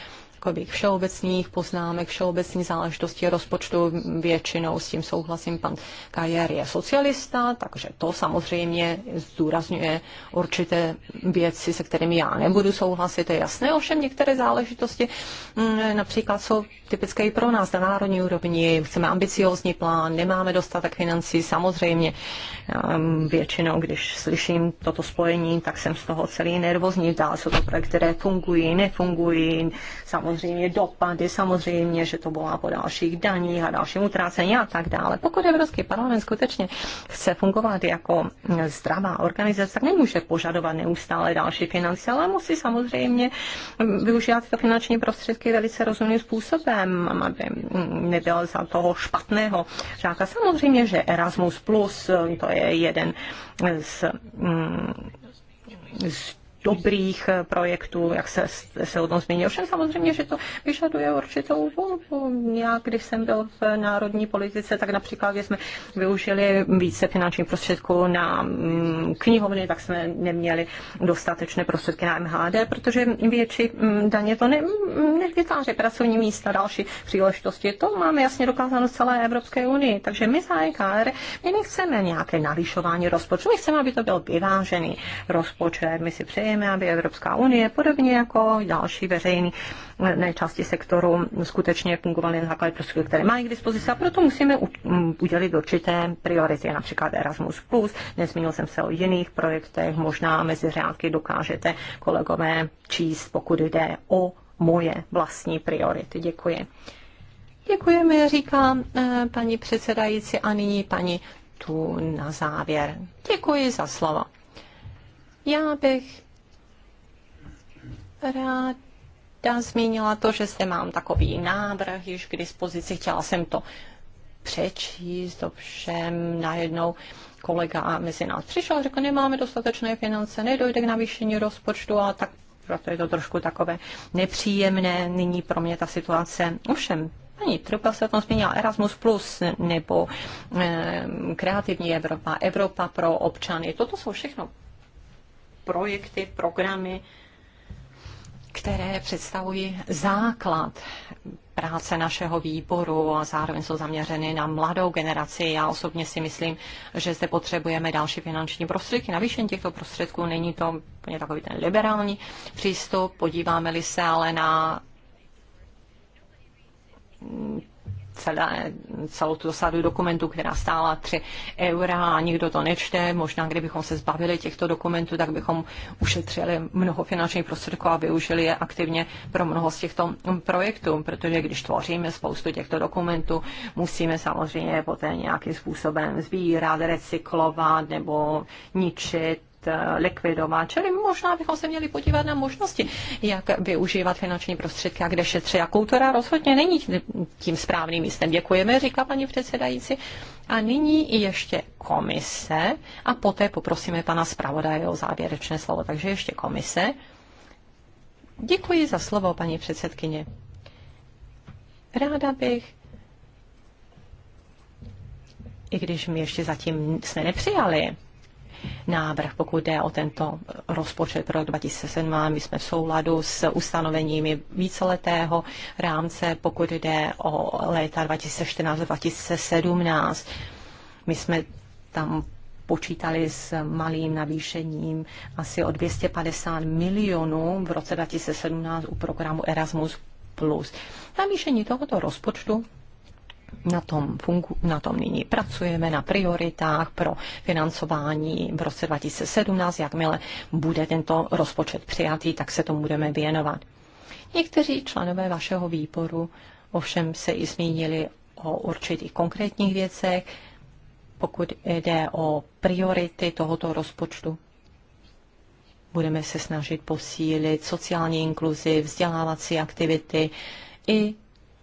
takových všeobecných poznámek, všeobecných záležitostí rozpočtu většinou s tím souhlasím. Pan Kajer je socialista, takže to samozřejmě zdůrazňuje určité věci, se kterými já nebudu souhlasit, to je jasné. Ovšem některé záležitosti mm, například jsou typické i pro nás na národní úrovni. Chceme ambiciózní plán, nemáme dostatek financí, samozřejmě mm, většinou, když slyším toto spojení, tak jsem z toho celý nervózní. Dále jsou to projekty, které fungují, nefungují. Samozřejmě samozřejmě dopady, samozřejmě, že to volá po dalších daních a dalším utrácení a tak dále. Pokud Evropský parlament skutečně chce fungovat jako zdravá organizace, tak nemůže požadovat neustále další finance, ale musí samozřejmě využívat to finanční prostředky velice rozumným způsobem, aby nebyl za toho špatného žáka. Samozřejmě, že Erasmus Plus, to je jeden z, mm, z dobrých eh, projektů, jak se, se o tom zmínil. Ovšem samozřejmě, že to vyžaduje určitou volbu. Já, když jsem byl v národní politice, tak například, když jsme využili více finančních prostředků na mm, knihovny, tak jsme neměli dostatečné prostředky na MHD, protože větší mm, daně to ne, mm, nevytváří pracovní místa, další příležitosti. To máme jasně dokázáno z celé Evropské unii. Takže my za EKR, my nechceme nějaké navyšování rozpočtu, my chceme, aby to byl vyvážený rozpočet. My si přejeme potřebujeme, aby Evropská unie, podobně jako další veřejný části sektoru, skutečně fungovaly na základě prostředků, které mají k dispozici a proto musíme udělit určité priority, například Erasmus+. Nezmínil jsem se o jiných projektech, možná mezi řádky dokážete kolegové číst, pokud jde o moje vlastní priority. Děkuji. Děkujeme, říká eh, paní předsedající a nyní paní tu na závěr. Děkuji za slovo. Já bych ráda zmínila to, že zde mám takový návrh již k dispozici. Chtěla jsem to přečíst, ovšem najednou kolega mezi nás přišel a řekl, nemáme dostatečné finance, nedojde k navýšení rozpočtu a tak proto je to trošku takové nepříjemné nyní pro mě ta situace. Ovšem, ani. Trupa se o tom zmínila Erasmus+, Plus nebo e, Kreativní Evropa, Evropa pro občany. Toto jsou všechno projekty, programy, které představují základ práce našeho výboru a zároveň jsou zaměřeny na mladou generaci. Já osobně si myslím, že zde potřebujeme další finanční prostředky. Navýšení těchto prostředků není to úplně takový ten liberální přístup. Podíváme-li se ale na celé, celou tu sadu dokumentů, která stála 3 eura a nikdo to nečte. Možná, kdybychom se zbavili těchto dokumentů, tak bychom ušetřili mnoho finančních prostředků a využili je aktivně pro mnoho z těchto projektů, protože když tvoříme spoustu těchto dokumentů, musíme samozřejmě poté nějakým způsobem sbírat, recyklovat nebo ničit Eh, likvidovat. Čili možná bychom se měli podívat na možnosti, jak využívat finanční prostředky a kde šetřit. A kultura rozhodně není tím správným místem. Děkujeme, říká paní předsedající. A nyní ještě komise a poté poprosíme pana zpravodaje o závěrečné slovo. Takže ještě komise. Děkuji za slovo, paní předsedkyně. Ráda bych i když my ještě zatím jsme nepřijali návrh, pokud jde o tento rozpočet pro rok 2017. My jsme v souladu s ustanoveními víceletého rámce, pokud jde o léta 2014-2017. My jsme tam počítali s malým navýšením asi o 250 milionů v roce 2017 u programu Erasmus+. Navýšení tohoto rozpočtu na tom, fungu, na tom nyní pracujeme, na prioritách pro financování v roce 2017. Jakmile bude tento rozpočet přijatý, tak se tomu budeme věnovat. Někteří členové vašeho výboru ovšem se i zmínili o určitých konkrétních věcech, pokud jde o priority tohoto rozpočtu. Budeme se snažit posílit sociální inkluzi, vzdělávací aktivity i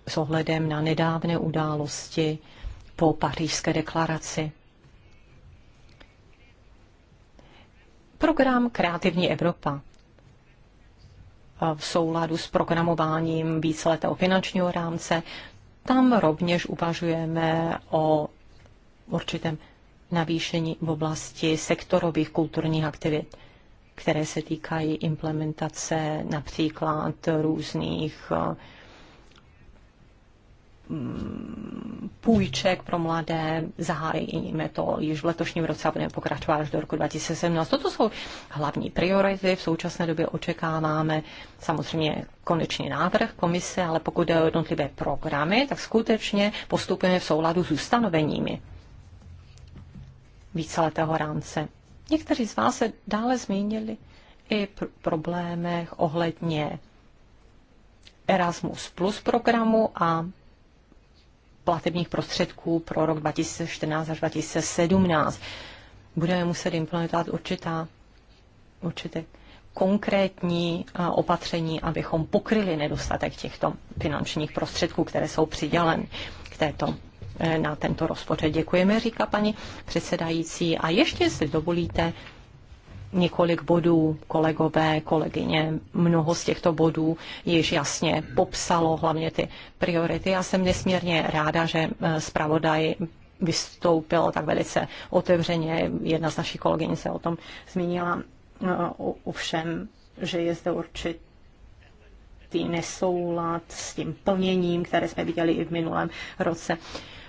s ohledem na nedávné události po pařížské deklaraci. Program Kreativní Evropa v souladu s programováním víceletého finančního rámce. Tam rovněž uvažujeme o určitém navýšení v oblasti sektorových kulturních aktivit, které se týkají implementace například různých eh, půjček pro mladé, zahájíme to již v letošním roce a budeme pokračovat až do roku 2017. Toto jsou hlavní priority. V současné době očekáváme samozřejmě konečný návrh komise, ale pokud jde o jednotlivé programy, tak skutečně postupujeme v souladu s ustanoveními víceletého rámce. Někteří z vás se dále zmínili i pr- problémech ohledně Erasmus Plus programu a platebních prostředků pro rok 2014 až 2017. Budeme muset implementovat určitá, určité konkrétní opatření, abychom pokryli nedostatek těchto finančních prostředků, které jsou přiděleny k této e, na tento rozpočet. Děkujeme, říká paní předsedající. A ještě, jestli dovolíte, několik bodů, kolegové, kolegyně, mnoho z těchto bodů již jasně popsalo, hlavně ty priority. Já jsem nesmírně ráda, že eh, zpravodaj vystoupil tak velice otevřeně. Jedna z našich kolegyň se o tom zmínila. Eh, ovšem, že je zde určitě ty nesoulad s tím plněním, které jsme viděli i v minulém roce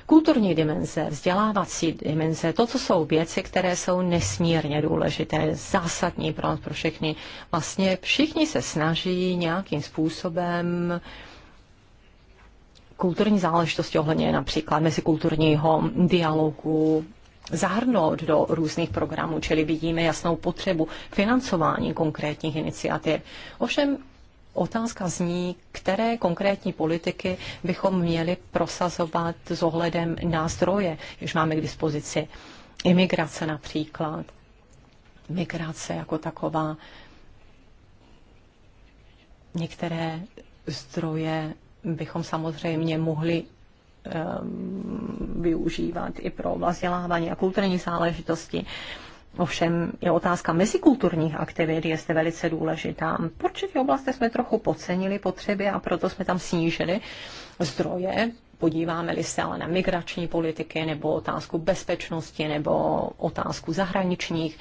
kulturní dimenze, vzdělávací dimenze, to, co jsou věci, které jsou nesmírně důležité, zásadní pro nás, pro všechny. Vlastně všichni se snaží nějakým způsobem kulturní záležitosti ohledně například mezikulturního dialogu, zahrnout do různých programů, čili vidíme jasnou potřebu financování konkrétních iniciativ. Ovšem Otázka zní, které konkrétní politiky bychom měli prosazovat s ohledem na zdroje, když máme k dispozici imigrace například, migrace jako taková, některé zdroje bychom samozřejmě mohli um, využívat i pro vzdělávání a kulturní záležitosti. Um, Ovšem je otázka mezikulturních aktivit je zde velice důležitá. V určitě oblasti jsme trochu podcenili potřeby a proto jsme tam snížili zdroje. Podíváme-li se ale na migrační politiky nebo otázku bezpečnosti nebo otázku zahraničních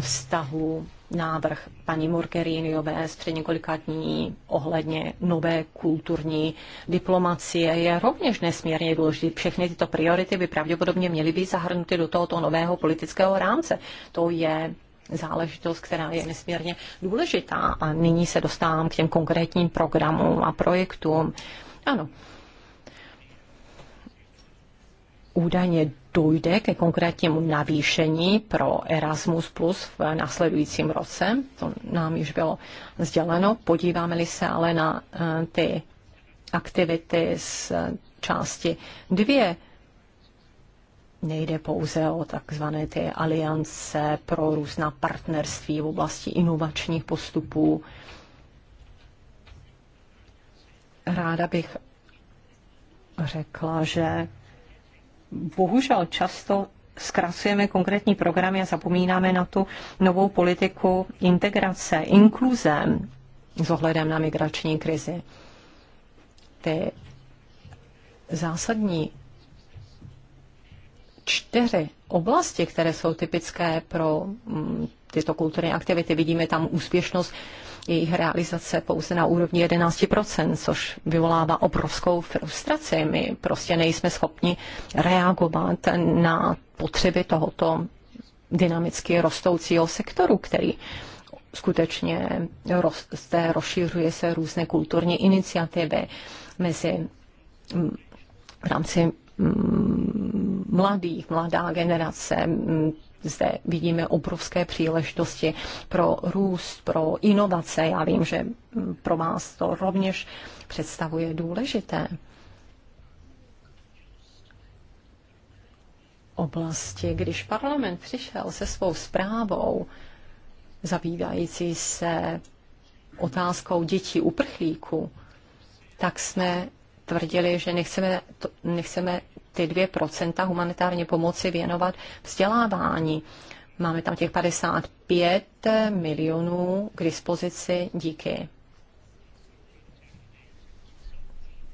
vztahů, návrh paní Morgeriniové před několika dní ohledně nové kulturní diplomacie je rovněž nesmírně důležitý. Všechny tyto priority by pravděpodobně měly být zahrnuty do tohoto nového politického rámce. To je záležitost, která je nesmírně důležitá. A nyní se dostávám k těm konkrétním programům a projektům. Ano, údajně dojde ke konkrétnímu navýšení pro Erasmus Plus v následujícím roce. To nám již bylo sděleno. Podíváme-li se ale na eh, ty aktivity z části dvě, nejde pouze o takzvané ty aliance pro různá partnerství v oblasti inovačních postupů. Ráda bych řekla, že bohužel často zkracujeme konkrétní programy a zapomínáme na tu novou politiku integrace, inkluze s ohledem na migrační krizi. Ty zásadní čtyři oblasti, které jsou typické pro mm, tyto kulturní aktivity. Vidíme tam úspěšnost jejich realizace pouze na úrovni 11%, což vyvolává obrovskou frustraci. My prostě nejsme schopni reagovat na potřeby tohoto dynamicky rostoucího sektoru, který skutečně roste, rozšířuje se různé kulturní iniciativy mezi mm, v rámci mm, mladých, mladá generace, mm, zde vidíme obrovské příležitosti pro růst, pro inovace. Já vím, že pro vás to rovněž představuje důležité oblasti. Když parlament přišel se svou zprávou zabývající se otázkou dětí uprchlíků, tak jsme tvrdili, že nechceme, to, nechceme ty 2% humanitární pomoci věnovat vzdělávání. Máme tam těch 55 milionů k dispozici díky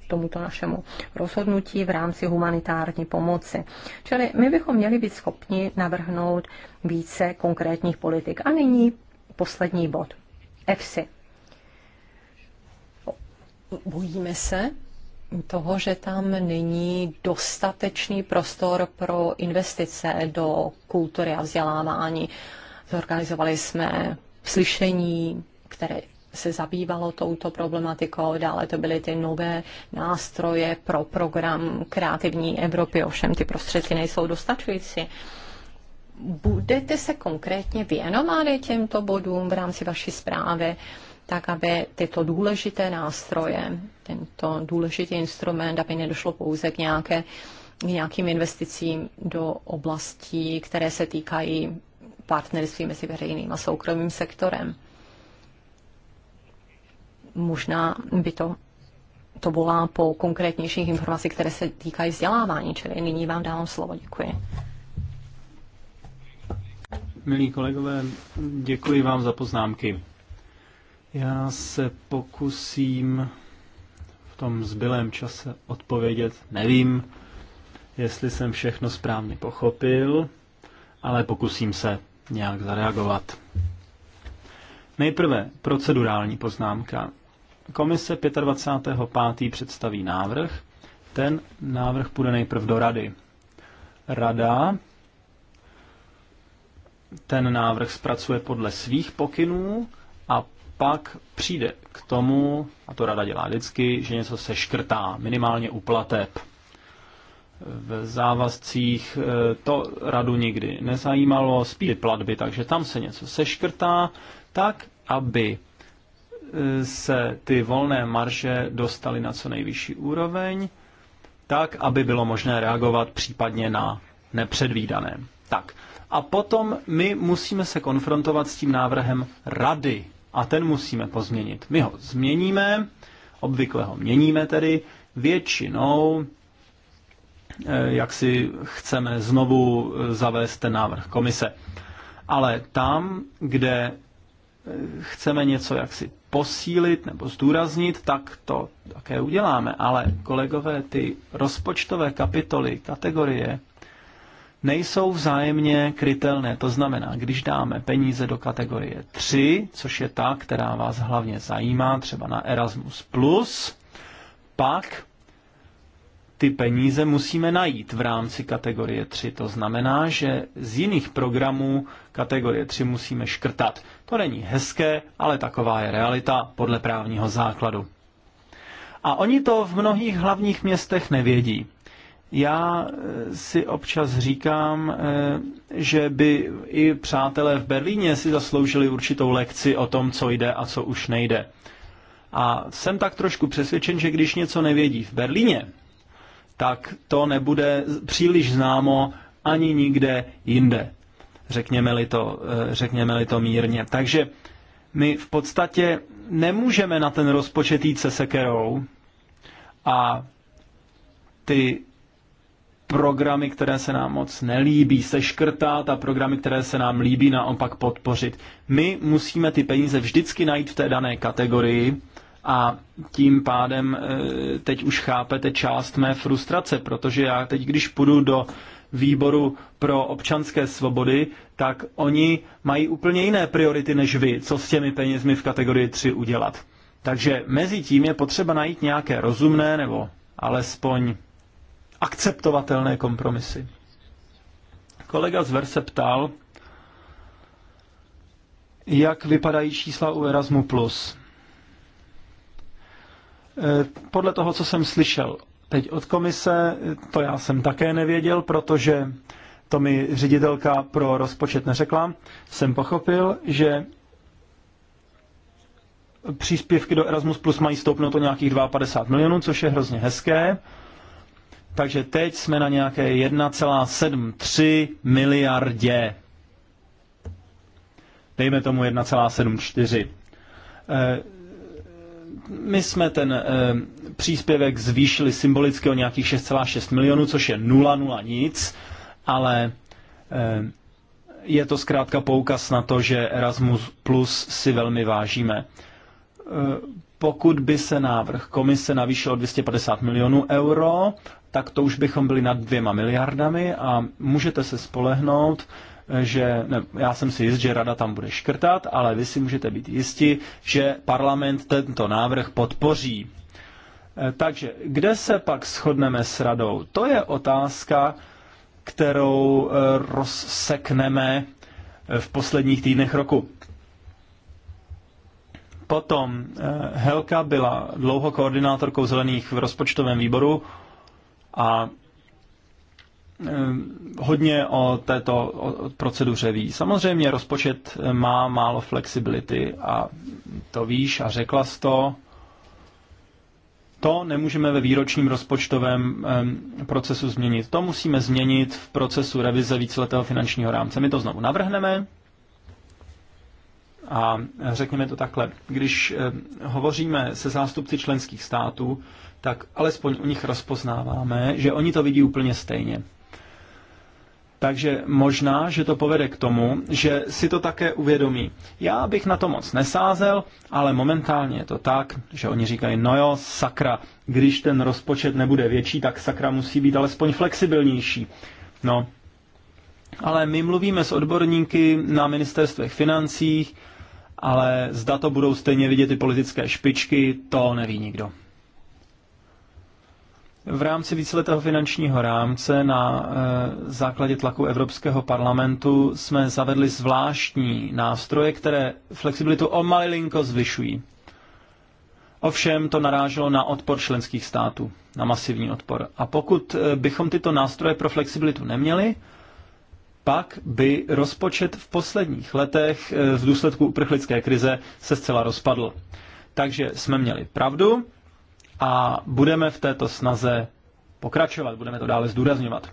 tomuto našemu rozhodnutí v rámci humanitární pomoci. Čili my bychom měli být schopni navrhnout více konkrétních politik. A nyní poslední bod. EFSI. Bojíme se, toho, že tam není dostatečný prostor pro investice do kultury a vzdělávání. Zorganizovali jsme slyšení, které se zabývalo touto problematikou, dále to byly ty nové nástroje pro program Kreativní Evropy, ovšem ty prostředky nejsou dostačující. Budete se konkrétně věnovat těmto bodům v rámci vaší zprávy? Uh, tak aby tyto důležité nástroje, tento důležitý instrument, aby nedošlo pouze k, nějaké, k nějakým investicím do oblastí, které se týkají partnerství mezi veřejným a soukromým sektorem. Možná by to to volá po konkrétnějších informacích, které se týkají vzdělávání, čili nyní vám dávám slovo. Děkuji. Milí kolegové, děkuji vám za poznámky. Já se pokusím v tom zbylém čase odpovědět. Nevím, jestli jsem všechno správně pochopil, ale pokusím se nějak zareagovat. Nejprve procedurální poznámka. Komise 25.5. představí návrh. Ten návrh půjde nejprve do rady. Rada ten návrh zpracuje podle svých pokynů a pak přijde k tomu, a to rada dělá vždycky, že něco se škrtá, minimálně u plateb. V závazcích eh, to radu nikdy nezajímalo, spíly platby, takže tam se něco seškrtá, tak, aby eh, se ty volné marže dostaly na co nejvyšší úroveň, tak, aby bylo možné reagovat případně na nepředvídané. Tak. A potom my musíme se konfrontovat s tím návrhem rady a ten musíme pozměnit. My ho změníme, obvykle ho měníme tedy, většinou eh, jak si chceme znovu eh, zavést ten návrh komise. Ale tam, kde eh, chceme něco jaksi posílit nebo zdůraznit, tak to také uděláme. Ale kolegové, ty rozpočtové kapitoly, kategorie, nejsou vzájemně krytelné. To znamená, když dáme peníze do kategorie 3, což je ta, která vás hlavně zajímá, třeba na Erasmus+, pak ty peníze musíme najít v rámci kategorie 3. To znamená, že z jiných programů kategorie 3 musíme škrtat. To není hezké, ale taková je realita podle právního základu. A oni to v mnohých hlavních městech nevědí. Já eh, si občas říkám, eh, že by i přátelé v Berlíně si zasloužili určitou lekci o tom, co jde a co už nejde. A jsem tak trošku přesvědčen, že když něco nevědí v Berlíně, tak to nebude příliš známo ani nikde jinde. Řekněme-li to, eh, řekněme-li to mírně. Takže my v podstatě nemůžeme na ten rozpočet jít se sekerou a ty programy, které se nám moc nelíbí, seškrtat a programy, které se nám líbí, naopak podpořit. My musíme ty peníze vždycky najít v té dané kategorii a tím pádem eh, teď už chápete část mé frustrace, protože já teď, když půjdu do výboru pro občanské svobody, tak oni mají úplně jiné priority než vy, co s těmi penězmi v kategorii 3 udělat. Takže mezi tím je potřeba najít nějaké rozumné nebo alespoň akceptovatelné kompromisy. Kolega z Verse ptal, jak vypadají čísla u Erasmu+. Eh, podle toho, co jsem slyšel teď od komise, to já jsem také nevěděl, protože to mi ředitelka pro rozpočet neřekla, jsem pochopil, že příspěvky do Erasmus Plus mají stoupnout o nějakých 52 milionů, což je hrozně hezké. Takže teď jsme na nějaké 1,73 miliardě. Dejme tomu 1,74. Eh, my jsme ten eh, příspěvek zvýšili symbolicky o nějakých 6,6 milionů, což je 0,0 nic, ale eh, je to zkrátka poukaz na to, že Erasmus Plus si velmi vážíme. Pokud by se návrh komise navýšil o 250 milionů euro, tak to už bychom byli nad dvěma miliardami a můžete se spolehnout, že ne, já jsem si jist, že rada tam bude škrtat, ale vy si můžete být jisti, že parlament tento návrh podpoří. E, takže kde se pak shodneme s radou? To je otázka, kterou e, rozsekneme e, v posledních týdnech roku. Potom Helka byla dlouho koordinátorkou zelených v rozpočtovém výboru, a eh, hodně o této proceduře ví. Samozřejmě rozpočet eh, má málo flexibility a to víš a řekla jsi to. To nemůžeme ve výročním rozpočtovém eh, procesu změnit. To musíme změnit v procesu revize víceletého finančního rámce. My to znovu navrhneme a řekněme to takhle. Když hovoříme se zástupci členských států, tak alespoň u nich rozpoznáváme, že oni to vidí úplně stejně. Takže možná, že to povede k tomu, že si to také uvědomí. Já bych na to moc nesázel, ale momentálně je to tak, že oni říkají, no jo, sakra, když ten rozpočet nebude větší, tak sakra musí být alespoň flexibilnější. No, ale my mluvíme s odborníky na ministerstvech financích, ale zda to budou stejně vidět i politické špičky, to neví nikdo. V rámci víceletého finančního rámce na eh, základě tlaku Evropského parlamentu jsme zavedli zvláštní nástroje, které flexibilitu o malilinko zvyšují. Ovšem to naráželo na odpor členských států, na masivní odpor. A pokud eh, bychom tyto nástroje pro flexibilitu neměli, pak by rozpočet v posledních letech eh, v důsledku uprchlické krize se zcela rozpadl. Takže jsme měli pravdu, a budeme v této snaze pokračovat, budeme to dále zdůrazňovat.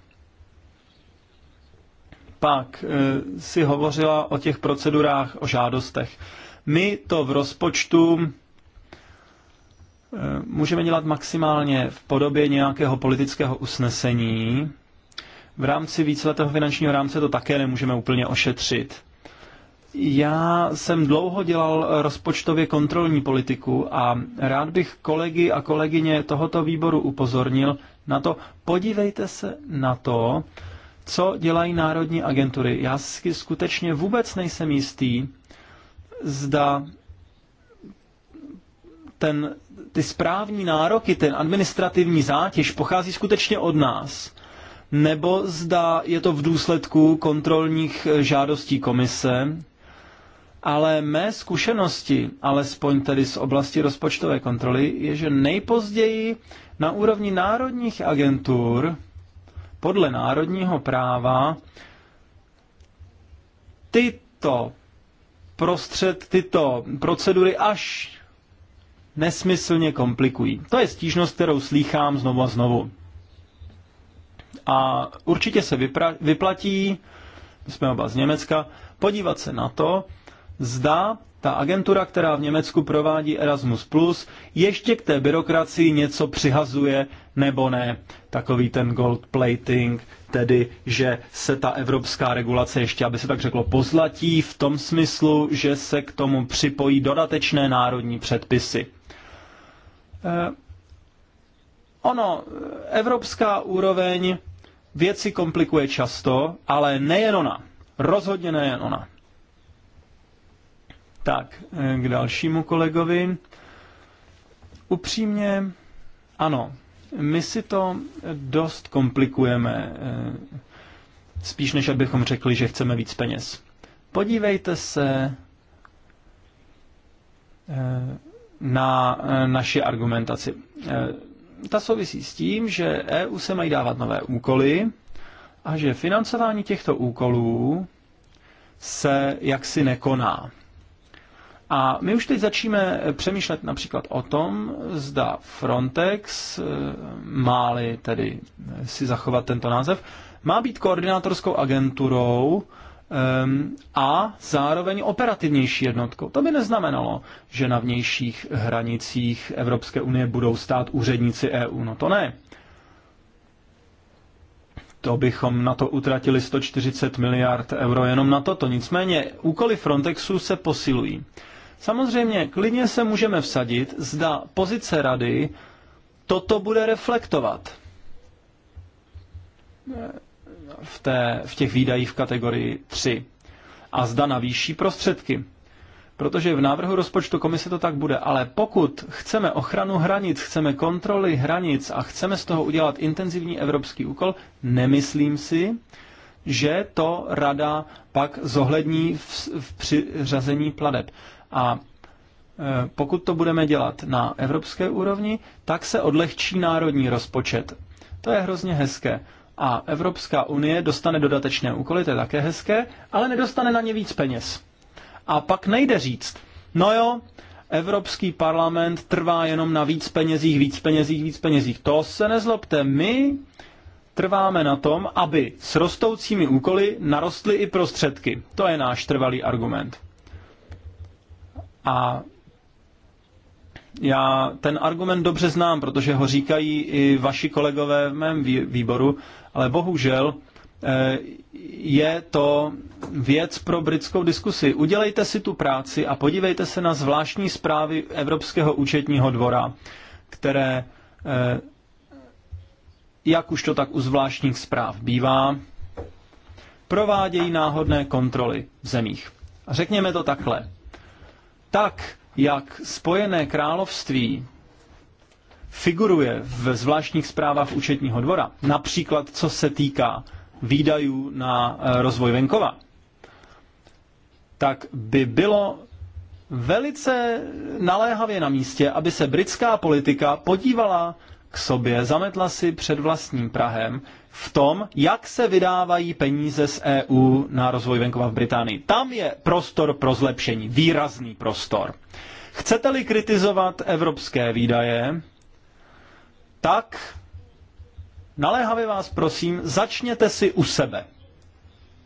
Pak eh, si hovořila o těch procedurách, o žádostech. My to v rozpočtu eh, můžeme dělat maximálně v podobě nějakého politického usnesení. V rámci víceletého finančního rámce to také nemůžeme úplně ošetřit. Já jsem dlouho dělal rozpočtově kontrolní politiku a rád bych kolegy a kolegyně tohoto výboru upozornil na to, podívejte se na to, co dělají národní agentury. Já si skutečně vůbec nejsem jistý, zda ten, ty správní nároky, ten administrativní zátěž pochází skutečně od nás, nebo zda je to v důsledku kontrolních žádostí komise, ale mé zkušenosti, alespoň tedy z oblasti rozpočtové kontroly, je, že nejpozději na úrovni národních agentur podle národního práva tyto prostřed, tyto procedury až nesmyslně komplikují. To je stížnost, kterou slýchám znovu a znovu. A určitě se vyplatí, my jsme oba z Německa, podívat se na to, zda ta agentura, která v Německu provádí Erasmus+, Plus, ještě k té byrokracii něco přihazuje nebo ne. Takový ten gold plating, tedy, že se ta evropská regulace ještě, aby se tak řeklo, pozlatí v tom smyslu, že se k tomu připojí dodatečné národní předpisy. Eh, ono, evropská úroveň věci komplikuje často, ale nejen ona. Rozhodně nejen ona. Tak, eh, k dalšímu kolegovi. Upřímně, ano, my si to dost komplikujeme, eh, spíš než abychom řekli, že chceme víc peněz. Podívejte se eh, na naši argumentaci. Ta souvisí s tím, že EU se mají dávat nové úkoly a že financování těchto úkolů se jaksi nekoná. A my už teď začíme přemýšlet například o tom, zda Frontex, eh, máli tedy si zachovat tento název, má být koordinátorskou agenturou ehm, a zároveň operativnější jednotkou. To by neznamenalo, že na vnějších hranicích Evropské unie budou stát úředníci EU. No to ne. To bychom na to utratili 140 miliard euro jenom na toto. Nicméně úkoly Frontexu se posilují. Samozřejmě, klidně se můžeme vsadit, zda pozice rady toto bude reflektovat v, té, v těch výdajích v kategorii 3 a zda navýší prostředky. Protože v návrhu rozpočtu komise to tak bude, ale pokud chceme ochranu hranic, chceme kontroly hranic a chceme z toho udělat intenzivní evropský úkol, nemyslím si, že to rada pak zohlední v, v přiřazení pladeb. A e, pokud to budeme dělat na evropské úrovni, tak se odlehčí národní rozpočet. To je hrozně hezké. A Evropská unie dostane dodatečné úkoly, to je také hezké, ale nedostane na ně víc peněz. A pak nejde říct, no jo, Evropský parlament trvá jenom na víc penězích, víc penězích, víc penězích. To se nezlobte, my trváme na tom, aby s rostoucími úkoly narostly i prostředky. To je náš trvalý argument. A já ten argument dobře znám, protože ho říkají i vaši kolegové v mém výboru, ale bohužel eh, je to věc pro britskou diskusi. Udělejte si tu práci a podívejte se na zvláštní zprávy Evropského účetního dvora, které, eh, jak už to tak u zvláštních zpráv bývá, provádějí náhodné kontroly v zemích. řekněme to takhle tak, jak Spojené království figuruje v zvláštních zprávách účetního dvora, například co se týká výdajů na eh, rozvoj venkova, tak by bylo velice naléhavě na místě, aby se britská politika podívala k sobě, zametla si před vlastním Prahem v tom, jak se vydávají peníze z EU na rozvoj venkova v Británii. Tam je prostor pro zlepšení, výrazný prostor. Chcete-li kritizovat evropské výdaje, tak naléhavě vás prosím, začněte si u sebe.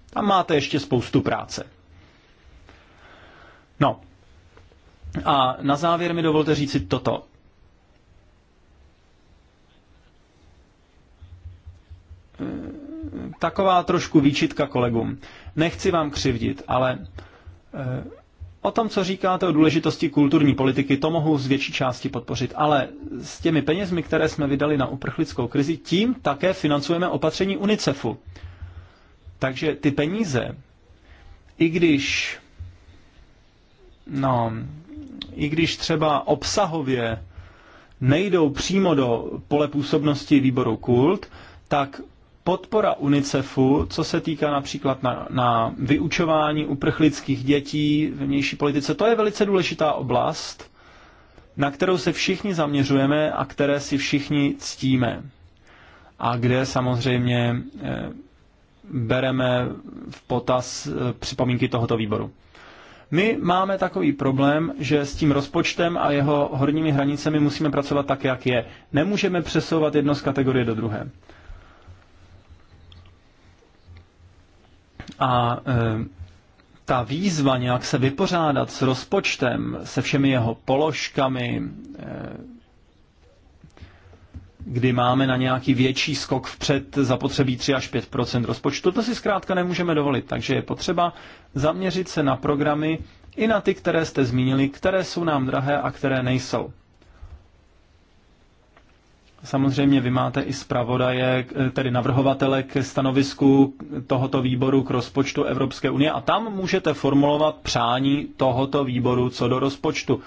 Tam máte ještě spoustu práce. No, a na závěr mi dovolte říci toto. taková trošku výčitka kolegům. Nechci vám křivdit, ale eh, o tom, co říkáte o důležitosti kulturní politiky, to mohu z větší části podpořit, ale s těmi penězmi, které jsme vydali na uprchlickou krizi, tím také financujeme opatření UNICEFu. Takže ty peníze, i když no, i když třeba obsahově nejdou přímo do pole působnosti výboru kult, tak podpora UNICEFu, co se týká například na, na vyučování uprchlických dětí v vnější politice, to je velice důležitá oblast, na kterou se všichni zaměřujeme a které si všichni ctíme. A kde samozřejmě eh, bereme v potaz eh, připomínky tohoto výboru. My máme takový problém, že s tím rozpočtem a jeho horními hranicemi musíme pracovat tak, jak je. Nemůžeme přesouvat jedno z kategorie do druhé. A e, ta výzva nějak se vypořádat s rozpočtem, se všemi jeho položkami, e, kdy máme na nějaký větší skok vpřed zapotřebí 3 až 5 rozpočtu. To si zkrátka nemůžeme dovolit, takže je potřeba zaměřit se na programy i na ty, které jste zmínili, které jsou nám drahé a které nejsou. Samozřejmě vy máte i zpravodaje, tedy navrhovatele k stanovisku tohoto výboru k rozpočtu Evropské unie a tam můžete formulovat přání tohoto výboru co do rozpočtu.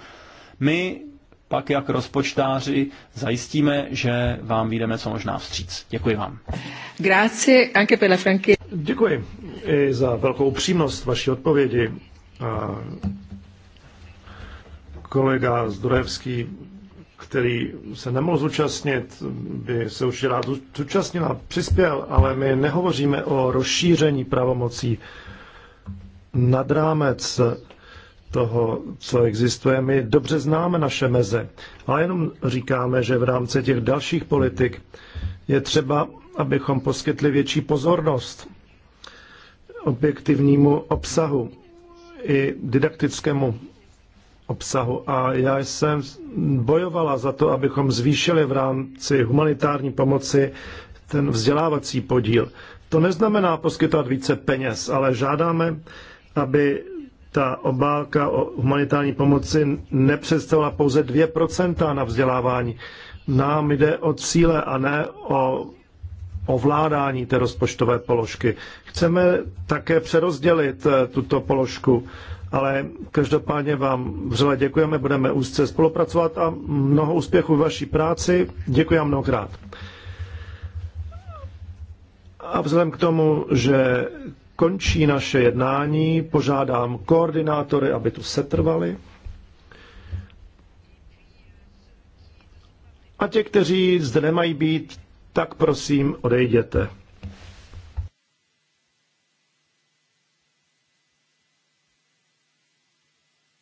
My pak jak rozpočtáři zajistíme, že vám vyjdeme co možná vstříc. Děkuji vám. Grazie anche per la franchi. Děkuji i za velkou upřímnost vaší odpovědi. A kolega Zdorevský který se nemohl zúčastnit, by se určitě rád zúčastnil a přispěl, ale my nehovoříme o rozšíření pravomocí nad rámec toho, co existuje. My dobře známe naše meze, ale jenom říkáme, že v rámci těch dalších politik je třeba, abychom poskytli větší pozornost objektivnímu obsahu i didaktickému obsahu. A já jsem bojovala za to, abychom zvýšili v rámci humanitární pomoci ten vzdělávací podíl. To neznamená poskytovat více peněz, ale žádáme, aby ta obálka o humanitární pomoci nepředstavila pouze 2% na vzdělávání. Nám jde o cíle a ne o ovládání té rozpočtové položky. Chceme také přerozdělit eh, tuto položku ale každopádně vám vřele děkujeme, budeme úzce spolupracovat a mnoho úspěchů v vaší práci. Děkuji vám mnohokrát. A vzhledem k tomu, že končí naše jednání, požádám koordinátory, aby tu setrvali. A ti, kteří zde nemají být, tak prosím odejděte.